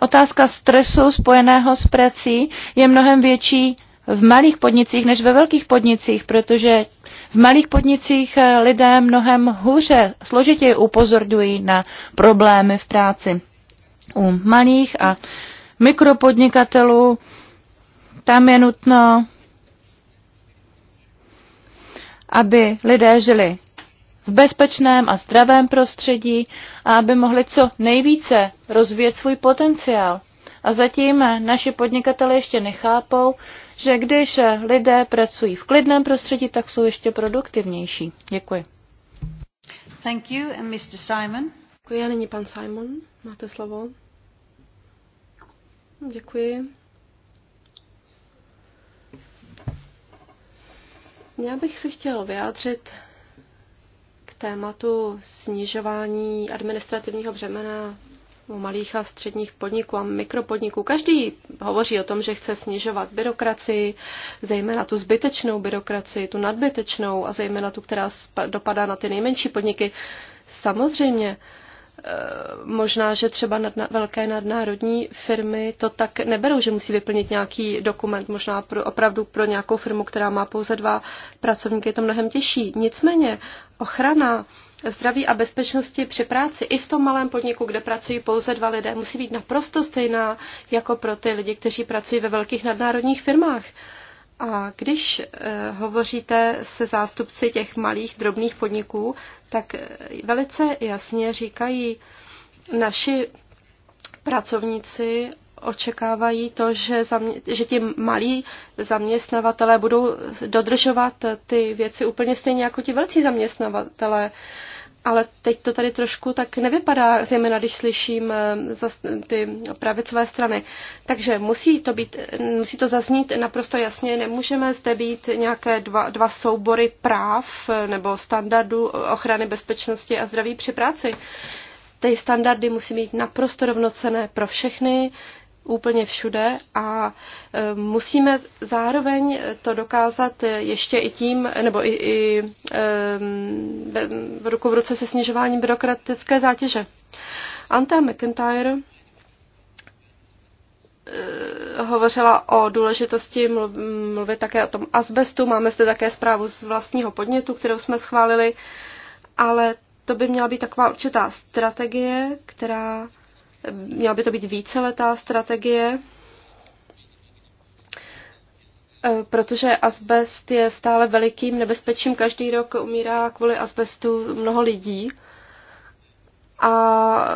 otázka stresu spojeného s prací je mnohem větší v malých podnicích než ve velkých podnicích, protože v malých podnicích lidé mnohem hůře, složitěji upozorňují na problémy v práci. U malých a mikropodnikatelů tam je nutno, aby lidé žili v bezpečném a zdravém prostředí a aby mohli co nejvíce rozvíjet svůj potenciál. A zatím naši podnikatelé ještě nechápou, že když lidé pracují v klidném prostředí, tak jsou ještě produktivnější. Děkuji. Thank you and Mr. Simon. Děkuji, a nyní pan Simon, máte slovo. Děkuji. Já bych se chtěl vyjádřit tématu snižování administrativního břemena u malých a středních podniků a mikropodniků. Každý hovoří o tom, že chce snižovat byrokracii, zejména tu zbytečnou byrokracii, tu nadbytečnou a zejména tu, která dopadá na ty nejmenší podniky. Samozřejmě Eh, možná, že třeba nadna, velké nadnárodní firmy to tak neberou, že musí vyplnit nějaký dokument, možná pro, opravdu pro nějakou firmu, která má pouze dva pracovníky, je to mnohem těžší. Nicméně ochrana zdraví a bezpečnosti při práci i v tom malém podniku, kde pracují pouze dva lidé, musí být naprosto stejná jako pro ty lidi, kteří pracují ve velkých nadnárodních firmách. A když eh, hovoříte se zástupci těch malých drobných podniků, tak eh, velice jasně říkají, naši pracovníci očekávají to, že, zamě- že ti malí zaměstnavatelé budou dodržovat ty věci úplně stejně jako ti velcí zaměstnavatelé. Ale teď to tady trošku tak nevypadá, zejména když slyším eh, ty pravicové strany. Takže musí to, být, musí to zaznít naprosto jasně. Nemůžeme zde být nějaké dva, dva soubory práv eh, nebo standardů ochrany bezpečnosti a zdraví při práci. Ty standardy musí být naprosto rovnocené pro všechny, úplně všude a e, musíme zároveň to dokázat ještě i tím, nebo i, i e, v ruku v ruce se snižováním byrokratické zátěže. Anta McIntyre e, hovořila o důležitosti mluvit také o tom asbestu. Máme zde také zprávu z vlastního podnětu, kterou jsme schválili, ale to by měla být taková určitá strategie, která měla by to být víceletá strategie, eh, protože asbest je stále velikým nebezpečím. Každý rok umírá kvůli asbestu mnoho lidí. A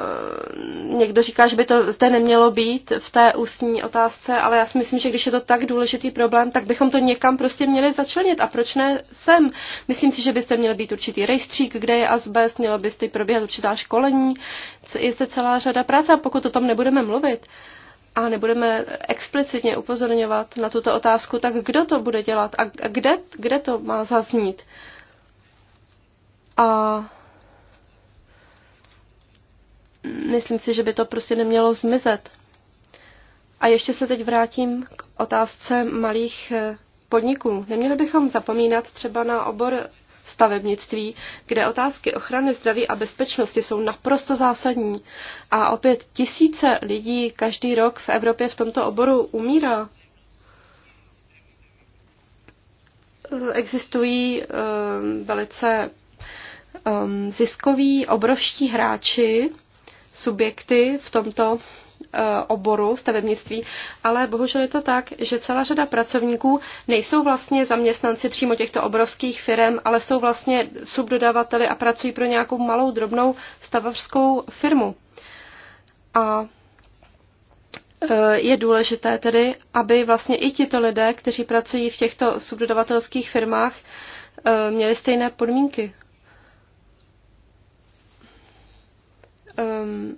někdo říká, že by to zde nemělo být v té ústní otázce, ale já si myslím, že když je to tak důležitý problém, tak bychom to někam prostě měli začlenit. A proč ne sem? Myslím si, že byste měli být určitý rejstřík, kde je asbest, mělo byste probíhat určitá školení, je zde celá řada práce a pokud o tom nebudeme mluvit, a nebudeme explicitně upozorňovat na tuto otázku, tak kdo to bude dělat a kde, kde to má zaznít? A myslím si, že by to prostě nemělo zmizet. A ještě se teď vrátím k otázce malých eh, podniků. Neměli bychom zapomínat třeba na obor stavebnictví, kde otázky ochrany zdraví a bezpečnosti jsou naprosto zásadní. A opět tisíce lidí každý rok v Evropě v tomto oboru umírá. Eh, existují um, velice um, ziskoví obrovští hráči, subjekty v tomto eh, oboru stavebnictví, ale bohužel je to tak, že celá řada pracovníků nejsou vlastně zaměstnanci přímo těchto obrovských firm, ale jsou vlastně subdodavateli a pracují pro nějakou malou drobnou stavařskou firmu. A eh, je důležité tedy, aby vlastně i tito lidé, kteří pracují v těchto subdodavatelských firmách, eh, měli stejné podmínky. um,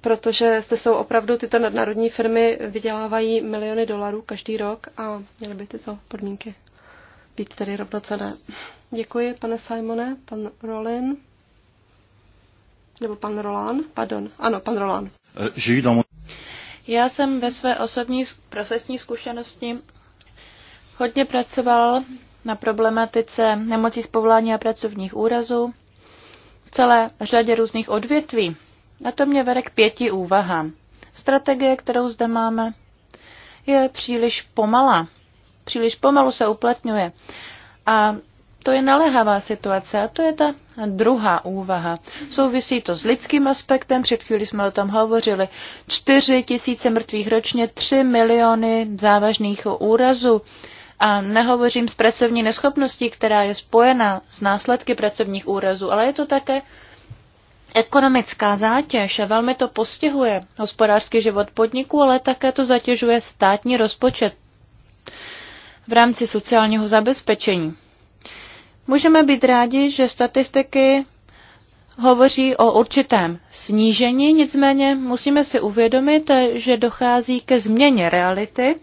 protože zde jsou opravdu tyto nadnárodní firmy, vydělávají miliony dolarů každý rok a měly by tyto podmínky být tedy rovnocené. Děkuji, pane Simone, pan Rolin, nebo pan Rolán, pardon, ano, pan Rolán. Já jsem ve své osobní profesní zkušenosti hodně pracoval na problematice nemocí z povolání a pracovních úrazů celé řadě různých odvětví. A to mě vede k pěti úvahám. Strategie, kterou zde máme, je příliš pomalá. Příliš pomalu se uplatňuje. A to je naléhavá situace a to je ta druhá úvaha. Souvisí to s lidským aspektem, před chvíli jsme o tom hovořili. Čtyři tisíce mrtvých ročně, tři miliony závažných úrazů. A nehovořím s pracovní neschopností, která je spojena s následky pracovních úrazů, ale je to také ekonomická zátěž a velmi to postihuje hospodářský život podniku, ale také to zatěžuje státní rozpočet v rámci sociálního zabezpečení. Můžeme být rádi, že statistiky hovoří o určitém snížení, nicméně musíme si uvědomit, že dochází ke změně reality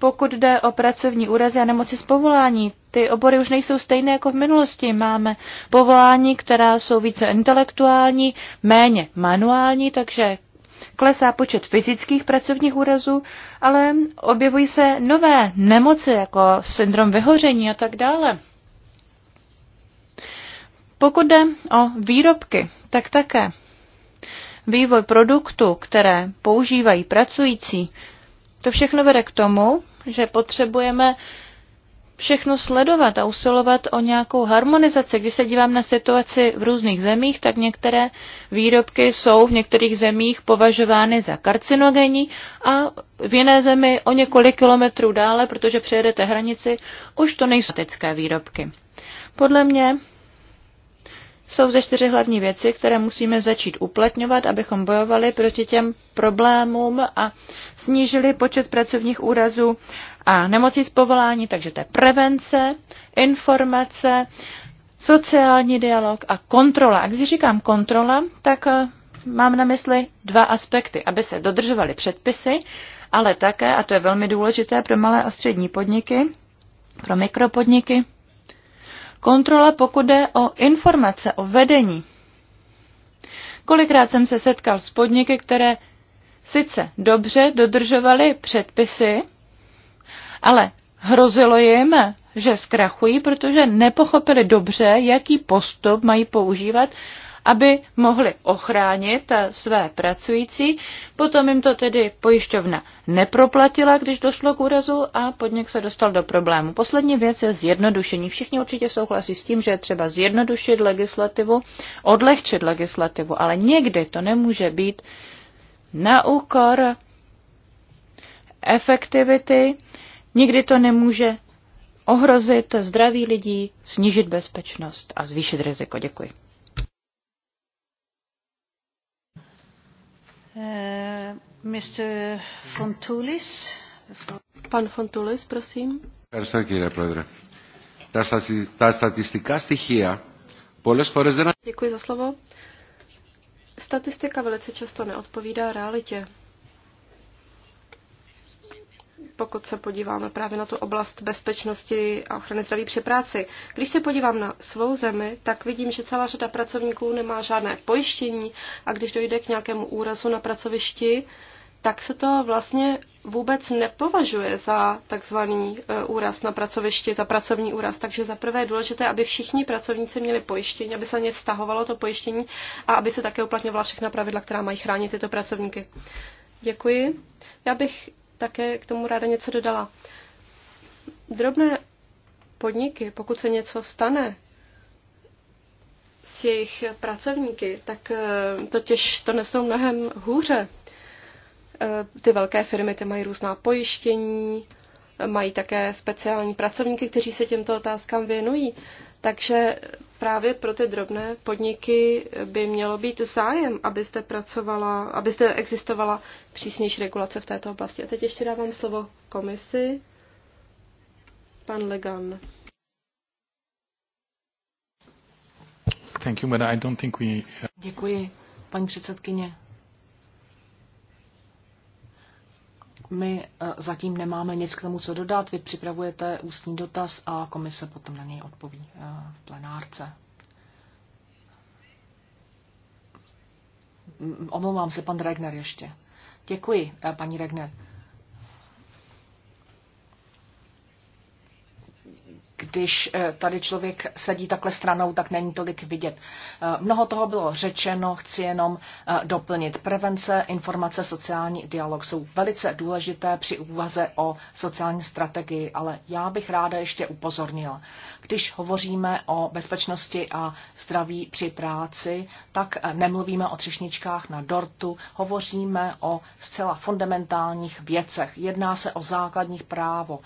pokud jde o pracovní úrazy a nemoci z povolání, ty obory už nejsou stejné jako v minulosti. Máme povolání, která jsou více intelektuální, méně manuální, takže klesá počet fyzických pracovních úrazů, ale objevují se nové nemoci, jako syndrom vyhoření a tak dále. Pokud jde o výrobky, tak také vývoj produktů, které používají pracující, to všechno vede k tomu, že potřebujeme všechno sledovat a usilovat o nějakou harmonizaci. Když se dívám na situaci v různých zemích, tak některé výrobky jsou v některých zemích považovány za karcinogenní a v jiné zemi o několik kilometrů dále, protože přejedete hranici, už to nejsou etické výrobky. Podle mě jsou ze čtyři hlavní věci, které musíme začít uplatňovat, abychom bojovali proti těm problémům a snížili počet pracovních úrazů a nemocí z povolání, takže to je prevence, informace, sociální dialog a kontrola. A když říkám kontrola, tak eh, mám na mysli dva aspekty, aby se dodržovaly předpisy, ale také, a to je velmi důležité pro malé a střední podniky, pro mikropodniky, Kontrola, pokud jde o informace, o vedení. Kolikrát jsem se setkal s podniky, které sice dobře dodržovaly předpisy, ale hrozilo jim, že zkrachují, protože nepochopili dobře, jaký postup mají používat aby mohli ochránit eh, své pracující. Potom jim to tedy pojišťovna neproplatila, když došlo k úrazu a podnik se dostal do problému. Poslední věc je zjednodušení. Všichni určitě souhlasí s tím, že je třeba zjednodušit legislativu, odlehčit legislativu, ale někdy to nemůže být na úkor efektivity, nikdy to nemůže ohrozit zdraví lidí, snížit bezpečnost a zvýšit riziko. Děkuji. Eh, Mr. Fontoulis. Pan prosím. Ευχαριστώ κύριε Πρόεδρε. Τα, στατι... τα στατιστικά στοιχεία πολλές φορές δεν... Děkuji za slovo. Statistika velice často neodpovídá realitě pokud se podíváme právě na tu oblast bezpečnosti a ochrany zdraví při práci. Když se podívám na svou zemi, tak vidím, že celá řada pracovníků nemá žádné pojištění a když dojde k nějakému úrazu na pracovišti, tak se to vlastně vůbec nepovažuje za takzvaný e, úraz na pracovišti, za pracovní úraz. Takže za prvé je důležité, aby všichni pracovníci měli pojištění, aby se na ně vztahovalo to pojištění a aby se také uplatňovala všechna pravidla, která mají chránit tyto pracovníky. Děkuji. Já bych také k tomu ráda něco dodala. Drobné podniky, pokud se něco stane s jejich pracovníky, tak eh, totiž to nesou mnohem hůře. Eh, ty velké firmy ty mají různá pojištění, mají také speciální pracovníky, kteří se těmto otázkám věnují. Takže právě pro ty drobné podniky by mělo být zájem, abyste pracovala, abyste existovala přísnější regulace v této oblasti. A teď ještě dávám slovo komisi. Pan Legan. Děkuji, paní předsedkyně. my eh, zatím nemáme nic k tomu, co dodat. Vy připravujete ústní dotaz a komise potom na něj odpoví eh, v plenárce. Omlouvám se, pan Regner ještě. Děkuji, eh, paní Regner. když eh, tady člověk sedí takhle stranou, tak není tolik vidět. Eh, mnoho toho bylo řečeno, chci jenom eh, doplnit. Prevence, informace, sociální dialog jsou velice důležité při úvaze o sociální strategii, ale já bych ráda ještě upozornila. Když hovoříme o bezpečnosti a zdraví při práci, tak nemluvíme o třešničkách na dortu, hovoříme o zcela fundamentálních věcech. Jedná se o základních právo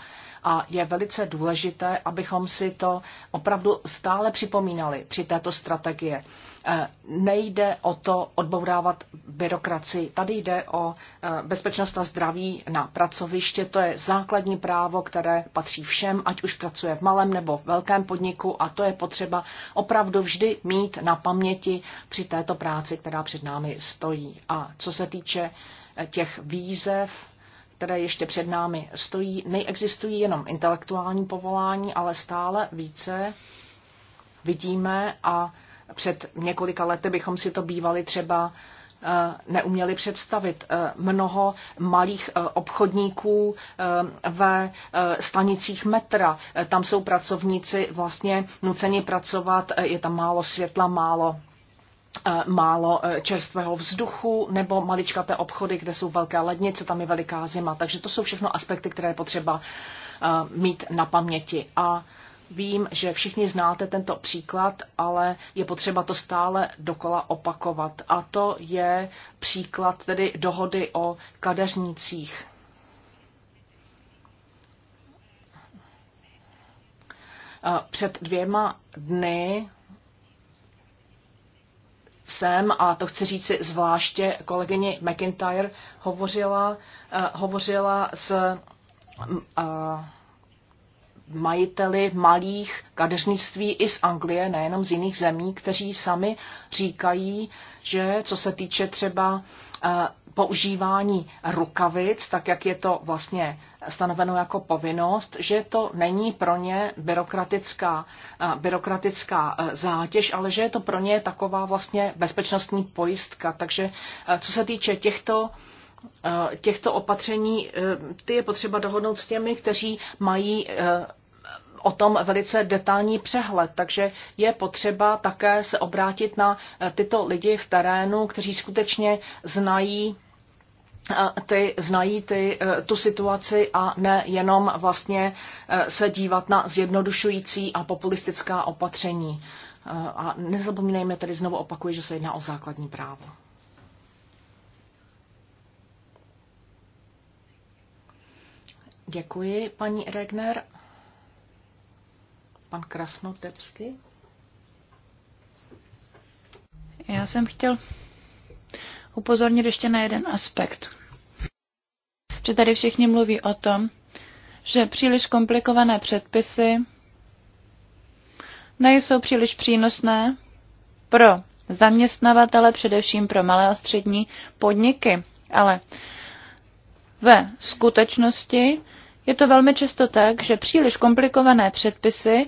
a je velice důležité, abychom si to opravdu stále připomínali při této strategie. Eh, nejde o to odbourávat byrokracii. Tady jde o eh, bezpečnost a zdraví na pracoviště. To je základní právo, které patří všem, ať už pracuje v malém nebo v velkém podniku a to je potřeba opravdu vždy mít na paměti při této práci, která před námi stojí. A co se týče eh, těch výzev, které ještě před námi stojí, neexistují jenom intelektuální povolání, ale stále více vidíme a před několika lety bychom si to bývali třeba eh, neuměli představit. Eh, mnoho malých eh, obchodníků ve stanicích metra. Tam jsou pracovníci vlastně nuceni pracovat, je tam málo světla, málo E, málo e, čerstvého vzduchu nebo maličkaté obchody, kde jsou velké lednice, tam je veliká zima. Takže to jsou všechno aspekty, které je potřeba e, mít na paměti. A Vím, že všichni znáte tento příklad, ale je potřeba to stále dokola opakovat. A to je příklad tedy dohody o kadeřnících. Před dvěma dny jsem, a to chci říci zvláště kolegyni McIntyre, hovořila, uh, hovořila s uh, majiteli malých kadeřnictví i z Anglie, nejenom z jiných zemí, kteří sami říkají, že co se týče třeba Eh, používání rukavic, tak jak je to vlastně stanoveno jako povinnost, že to není pro ně byrokratická, eh, byrokratická eh, zátěž, ale že je to pro ně taková vlastně bezpečnostní pojistka. Takže co se týče těchto těchto opatření, ty je potřeba dohodnout s těmi, kteří mají o tom velice detailní přehled, takže je potřeba také se obrátit na eh, tyto lidi v terénu, kteří skutečně znají eh, ty znají ty, eh, tu situaci a ne jenom vlastně se dívat na zjednodušující a populistická opatření. A nezapomínejme tedy znovu opakuji, že se jedná o základní právo. Děkuji, paní Regner pan Krasnotepsky. Já jsem chtěl upozornit ještě na jeden aspekt. Že tady všichni mluví o tom, že příliš komplikované předpisy nejsou příliš přínosné pro zaměstnavatele, především pro malé a střední podniky. Ale ve skutečnosti je to velmi často tak, že příliš komplikované předpisy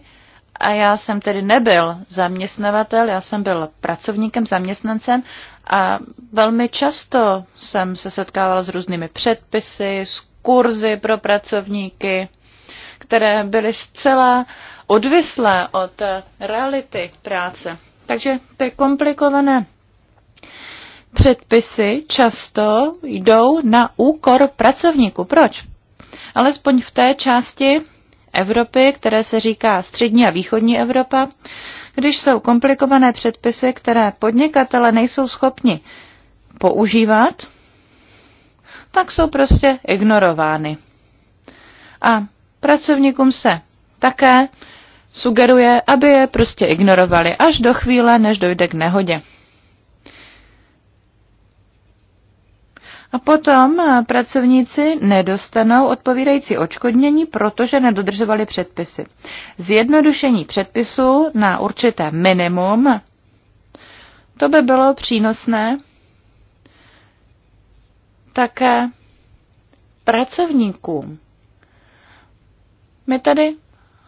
a já jsem tedy nebyl zaměstnavatel, já jsem byl pracovníkem, zaměstnancem a velmi často jsem se setkával s různými předpisy, s kurzy pro pracovníky, které byly zcela odvislé od reality práce. Takže ty komplikované předpisy často jdou na úkor pracovníků. Proč? Alespoň v té části Evropy, které se říká střední a východní Evropa, když jsou komplikované předpisy, které podnikatele nejsou schopni používat, tak jsou prostě ignorovány. A pracovníkům se také sugeruje, aby je prostě ignorovali až do chvíle, než dojde k nehodě. A potom eh, pracovníci nedostanou odpovídající očkodnění, protože nedodržovali předpisy. Zjednodušení předpisů na určité minimum, to by bylo přínosné také pracovníkům. My tady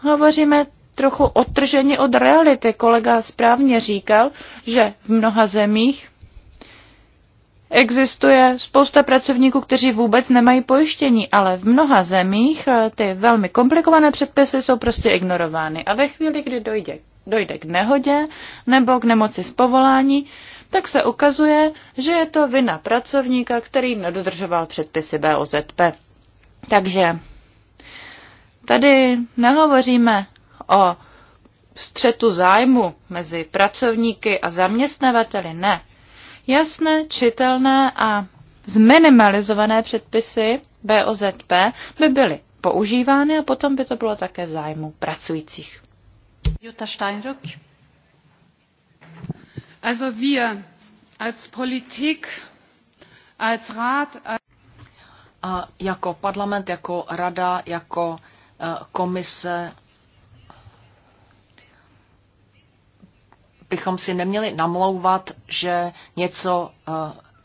hovoříme trochu odtrženi od reality. Kolega správně říkal, že v mnoha zemích Existuje spousta pracovníků, kteří vůbec nemají pojištění, ale v mnoha zemích eh, ty velmi komplikované předpisy jsou prostě ignorovány. A ve chvíli, kdy dojde, dojde k nehodě nebo k nemoci z povolání, tak se ukazuje, že je to vina pracovníka, který nedodržoval předpisy BOZP. Takže tady nehovoříme o střetu zájmu mezi pracovníky a zaměstnavateli, ne. Jasné, čitelné a zminimalizované předpisy BOZP by byly používány a potom by to bylo také v zájmu pracujících. Jutta Steinrück. Also wir als Politik, als Rat, als a jako parlament, jako rada, jako eh, komise bychom si neměli namlouvat, že něco eh,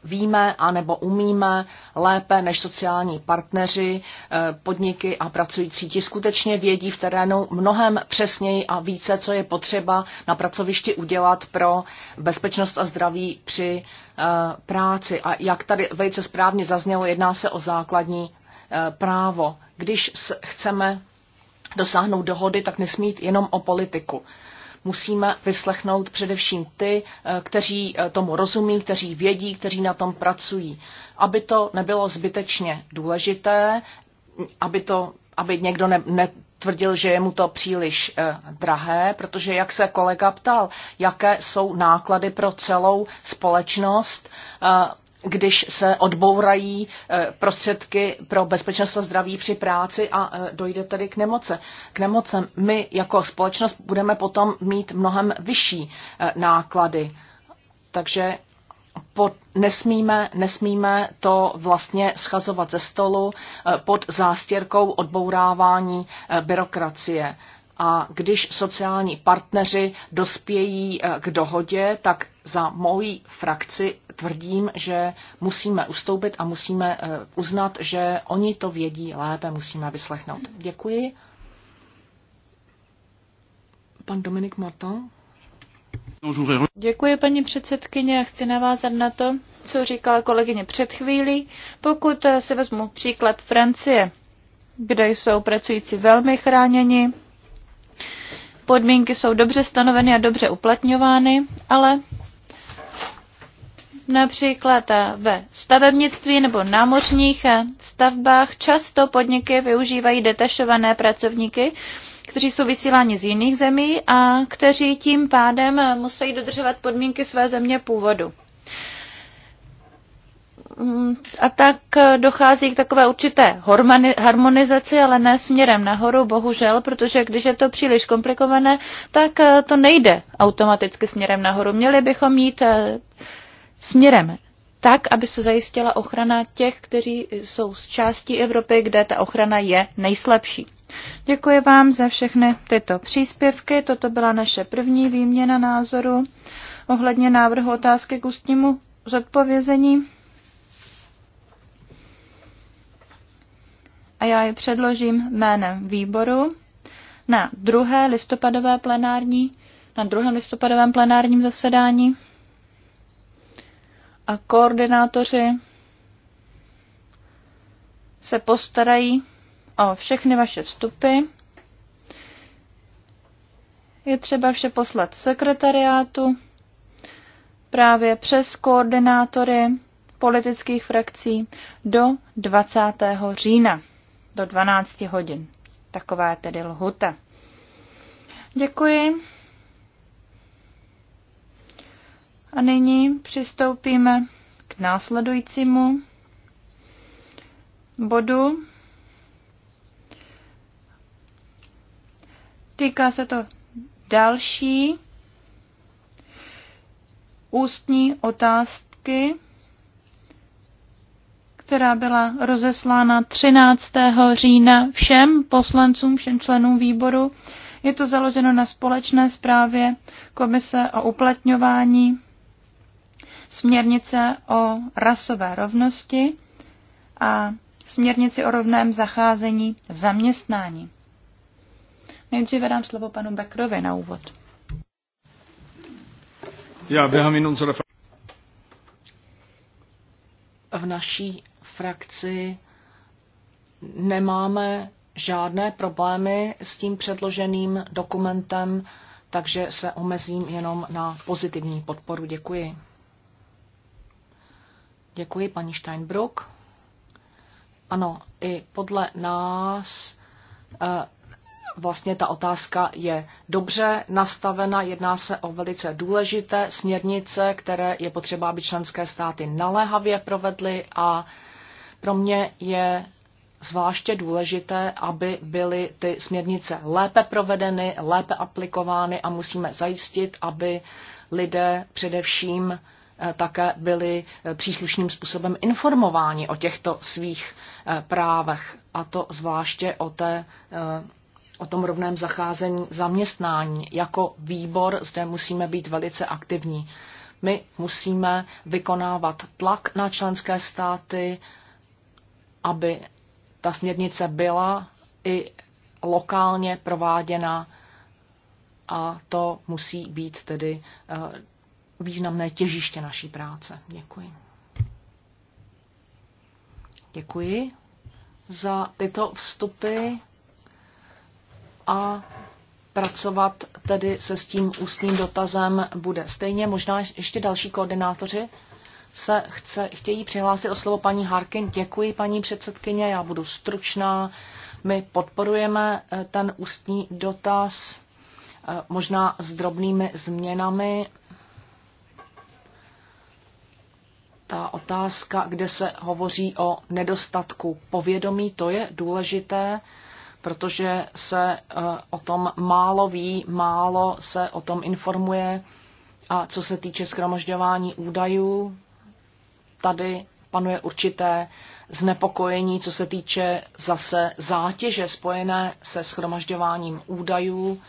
víme a nebo umíme lépe než sociální partneři, eh, podniky a pracující. Ti skutečně vědí v terénu mnohem přesněji a více, co je potřeba na pracovišti udělat pro bezpečnost a zdraví při eh, práci. A jak tady velice správně zaznělo, jedná se o základní právo. Když chceme dosáhnout dohody, tak nesmí jít jenom o politiku musíme vyslechnout především ty, eh, kteří eh, tomu rozumí, kteří vědí, kteří na tom pracují. Aby to nebylo zbytečně důležité, aby, to, aby někdo ne, ne, tvrdil, že je mu to příliš eh, drahé, protože jak se kolega ptal, jaké jsou náklady pro celou společnost eh, když se odbourají eh, prostředky pro bezpečnost a zdraví při práci a eh, dojde tedy k nemoce. K nemocem my jako společnost budeme potom mít mnohem vyšší eh, náklady. Takže pod, nesmíme, nesmíme to vlastně schazovat ze stolu pod zástěrkou odbourávání byrokracie. A když sociální partneři dospějí k dohodě, tak za mojí frakci tvrdím, že musíme ustoupit a musíme eh, uznat, že oni to vědí lépe, musíme vyslechnout. Děkuji. Pan Dominik Martin. Děkuji, paní předsedkyně. Chci navázat na to, co říkala kolegyně před chvílí. Pokud eh, si vezmu příklad Francie, kde jsou pracující velmi chráněni, podmínky jsou dobře stanoveny a dobře uplatňovány, ale například eh, ve stavebnictví nebo námořních eh, stavbách často podniky využívají detašované pracovníky, kteří jsou vysíláni z jiných zemí a kteří tím pádem eh, musí dodržovat podmínky své země původu. Mm, a tak dochází k takové určité harmonizaci, ale ne směrem nahoru, bohužel, protože když je to příliš komplikované, tak to nejde automaticky směrem nahoru. Měli bychom mít směrem tak, aby se zajistila ochrana těch, kteří jsou z části Evropy, kde ta ochrana je nejslabší. Děkuji vám za všechny tyto příspěvky. Toto byla naše první výměna názoru ohledně návrhu otázky k ústnímu zodpovězení. A já ji předložím jménem výboru na druhé listopadové plenární, na druhém listopadovém plenárním zasedání a koordinátoři se postarají o všechny vaše vstupy. Je třeba vše poslat sekretariátu právě přes koordinátory politických frakcí do 20. října do 12 hodin. Taková je tedy lhuta. Děkuji. A nyní přistoupíme k následujícímu bodu. Týká se to další ústní otázky, která byla rozeslána 13. října všem poslancům, všem členům výboru. Je to založeno na společné zprávě Komise o uplatňování směrnice o rasové rovnosti a směrnici o rovném zacházení v zaměstnání. Nejdříve dám slovo panu Beckrovi na úvod. Já běhám jenom za V naší frakci nemáme žádné problémy s tím předloženým dokumentem, takže se omezím jenom na pozitivní podporu. Děkuji. Děkuji, paní Steinbrook. Ano, i podle nás eh, vlastně ta otázka je dobře nastavena, jedná se o velice důležité směrnice, které je potřeba, aby členské státy naléhavě provedly a pro mě je zvláště důležité, aby byly ty směrnice lépe provedeny, lépe aplikovány a musíme zajistit, aby lidé především Eh, také byli eh, příslušným způsobem informováni o těchto svých eh, právech, a to zvláště o, té, o tom rovném zacházení zaměstnání. Jako výbor zde musíme být velice aktivní. My musíme vykonávat tlak na členské státy, aby ta směrnice byla i lokálně prováděna a to musí být tedy významné těžiště naší práce. Děkuji. Děkuji za tyto vstupy a pracovat tedy se s tím ústním dotazem bude stejně. Možná ještě další koordinátoři se chce, chtějí přihlásit o slovo paní Harkin. Děkuji, paní předsedkyně, já budu stručná. My podporujeme eh, ten ústní dotaz eh, možná s drobnými změnami ta otázka, kde se hovoří o nedostatku povědomí, to je důležité, protože se eh, o tom málo ví, málo se o tom informuje. A co se týče schromažďování údajů, tady panuje určité znepokojení, co se týče zase zátěže spojené se schromažďováním údajů.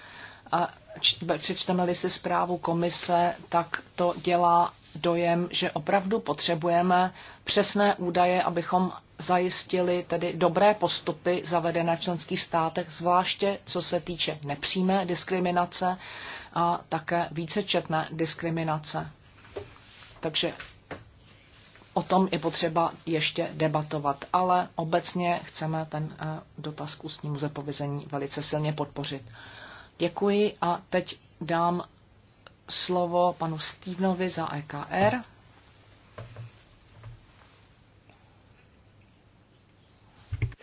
Přečteme-li si zprávu komise, tak to dělá dojem, že opravdu potřebujeme přesné údaje, abychom zajistili tedy dobré postupy zavedené v členských státech, zvláště co se týče nepřímé diskriminace a také vícečetné diskriminace. Takže o tom je potřeba ještě debatovat, ale obecně chceme ten eh, dotaz k ústnímu zapovězení velice silně podpořit. Děkuji a teď dám slovo panu Stevenovi za EKR.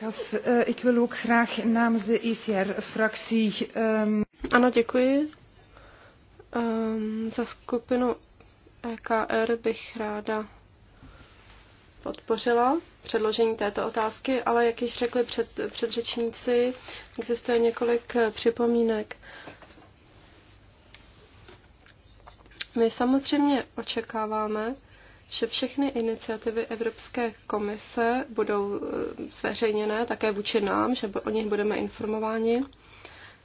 Eh, ik wil ook graag namens de ICR-fractie. E ehm, ano, děkuji. Um, za skupinu EKR bych ráda podpořila předložení této otázky, ale jak již řekli před, předřečníci, existuje několik eh, připomínek. My samozřejmě očekáváme, že všechny iniciativy Evropské komise budou eh, zveřejněné také vůči nám, že o nich budeme informováni,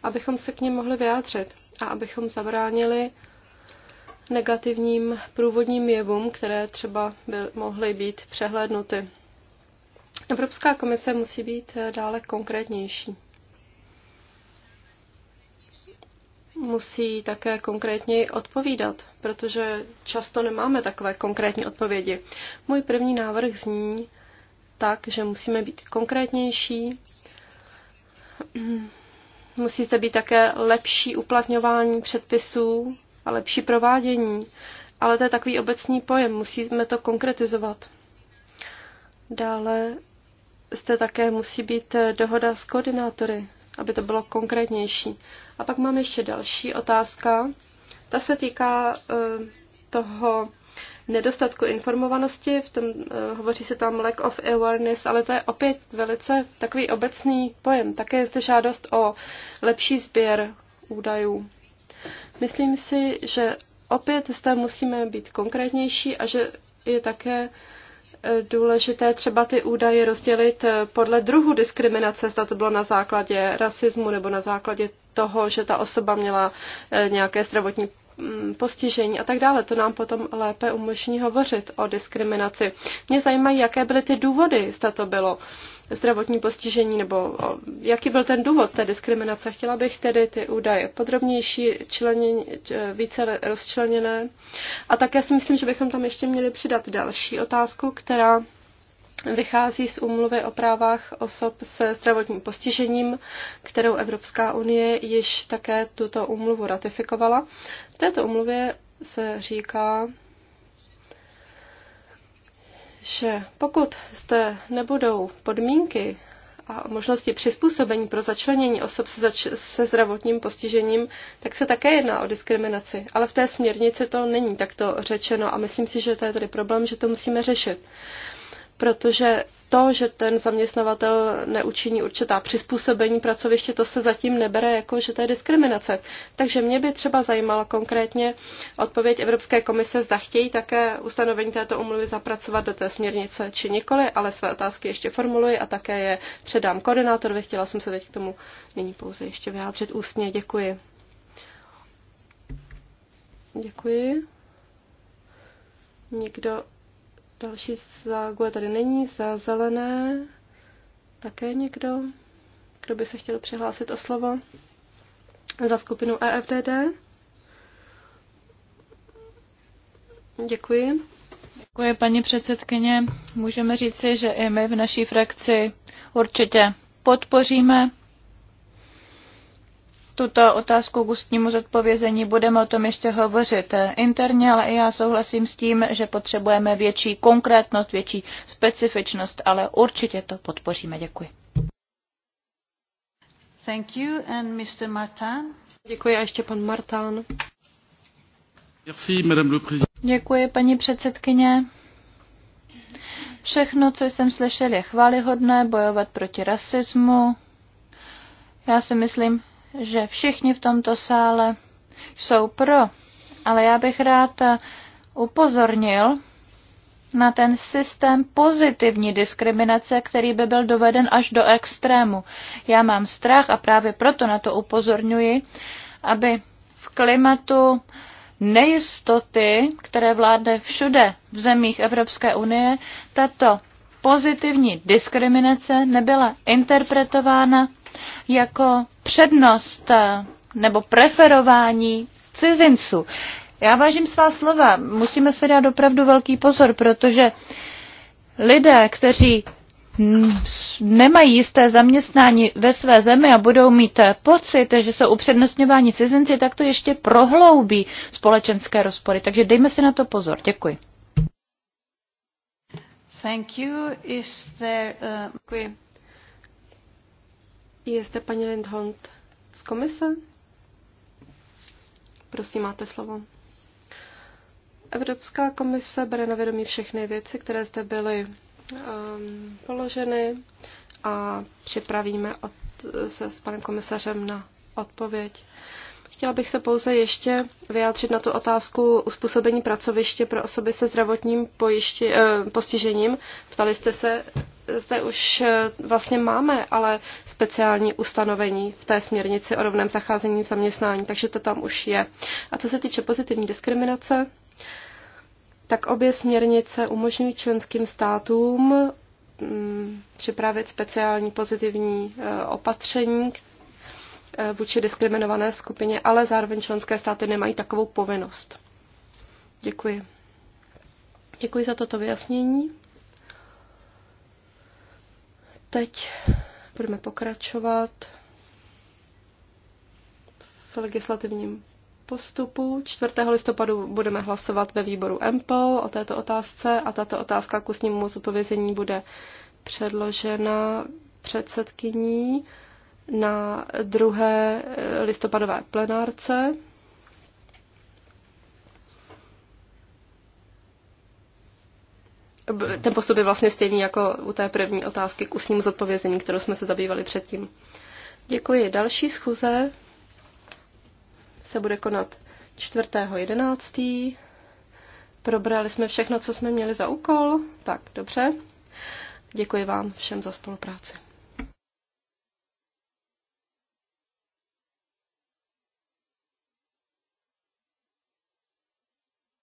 abychom se k ním mohli vyjádřit a abychom zabránili negativním průvodním jevům, které třeba by mohly být přehlédnuty. Evropská komise musí být eh, dále konkrétnější. musí také konkrétně odpovídat, protože často nemáme takové konkrétní odpovědi. Můj první návrh zní tak, že musíme být konkrétnější, musí zde být také lepší uplatňování předpisů a lepší provádění, ale to je takový obecný pojem, musíme to konkretizovat. Dále zde také musí být dohoda s koordinátory, aby to bylo konkrétnější. A pak mám ještě další otázka. Ta se týká eh, toho nedostatku informovanosti, v tom eh, hovoří se tam lack of awareness, ale to je opět velice takový obecný pojem. Také je zde žádost o lepší sběr údajů. Myslím si, že opět zde musíme být konkrétnější a že je také důležité třeba ty údaje rozdělit eh, podle druhu diskriminace, zda to bylo na základě rasismu nebo na základě toho, že ta osoba měla eh, nějaké zdravotní Mm, postižení a tak dále. To nám potom lépe umožní hovořit o diskriminaci. Mě zajímají, jaké byly ty důvody, zda to bylo zdravotní postižení, nebo jaký byl ten důvod té diskriminace. Chtěla bych tedy ty údaje podrobnější, členění, více rozčleněné. A také si myslím, že bychom tam ještě měli přidat další otázku, která vychází z úmluvy o právách osob se zdravotním postižením, kterou Evropská unie již také tuto úmluvu ratifikovala. V této úmluvě se říká, že pokud zde nebudou podmínky a možnosti přizpůsobení pro začlenění osob se, zač- se zdravotním postižením, tak se také jedná o diskriminaci. Ale v té směrnici to není takto řečeno a myslím si, že to je tady problém, že to musíme řešit protože to, že ten zaměstnavatel neučiní určitá přizpůsobení pracoviště, to se zatím nebere jako, že to je diskriminace. Takže mě by třeba zajímala konkrétně odpověď Evropské komise, zda chtějí také ustanovení této umluvy zapracovat do té směrnice či nikoli, ale své otázky ještě formuluji a také je předám koordinátorovi. Chtěla jsem se teď k tomu nyní pouze ještě vyjádřit ústně. Děkuji. Děkuji. Nikdo Další za tady není, za zelené také někdo, kdo by se chtěl přihlásit o slovo. Za skupinu EFDD. Děkuji. Děkuji, paní předsedkyně. Můžeme říci, že i my v naší frakci určitě podpoříme tuto otázku k ústnímu zodpovězení. Budeme o tom ještě hovořit interně, ale i já souhlasím s tím, že potřebujeme větší konkrétnost, větší specifičnost, ale určitě to podpoříme. Děkuji. Thank you and Mr. Martin. Děkuji a ještě pan Martán. Merci, madame le président. Děkuji, paní předsedkyně. Všechno, co jsem slyšel, je chválihodné, bojovat proti rasismu. Já si myslím, že všichni v tomto sále jsou pro, ale já bych rád upozornil na ten systém pozitivní diskriminace, který by byl doveden až do extrému. Já mám strach a právě proto na to upozorňuji, aby v klimatu nejistoty, které vládne všude v zemích Evropské unie, tato pozitivní diskriminace nebyla interpretována jako přednost eh, nebo preferování cizinců. Já vážím svá slova. Musíme se dát opravdu velký pozor, protože lidé, kteří mm, nemají jisté zaměstnání ve své zemi a budou mít eh, pocit, že jsou upřednostňováni cizinci, tak to ještě prohloubí společenské rozpory. Takže dejme si na to pozor. Děkuji. Thank you. Is there, uh... Děkuji. Jste paní Lindhont z komise? Prosím, máte slovo. Evropská komise bere na vědomí všechny věci, které zde byly um, položeny a připravíme od, se s panem komisařem na odpověď. Uh, Chtěla bych se pouze ještě vyjádřit na tu otázku uspůsobení pracoviště pro osoby se zdravotním pojišti, eh, postižením. Ptali jste se, zde už eh, vlastně máme ale speciální ustanovení v té směrnici o rovném zacházení v zaměstnání, takže to tam už je. A co se týče pozitivní diskriminace, tak obě směrnice umožňují členským státům mm, připravit speciální pozitivní eh, opatření, Eh, vůči diskriminované skupině, ale zároveň členské státy nemají takovou povinnost. Děkuji. Děkuji za toto vyjasnění. Teď budeme pokračovat v legislativním postupu. 4. listopadu budeme hlasovat ve výboru EMPL o této otázce a tato otázka k ústnímu zodpovězení bude předložena předsedkyní na druhé listopadové plenárce. Ten postup je vlastně stejný jako u té první otázky k ústnímu zodpovězení, kterou jsme se zabývali předtím. Děkuji. Další schůze se bude konat 4.11. Probrali jsme všechno, co jsme měli za úkol. Tak, dobře. Děkuji vám všem za spolupráci.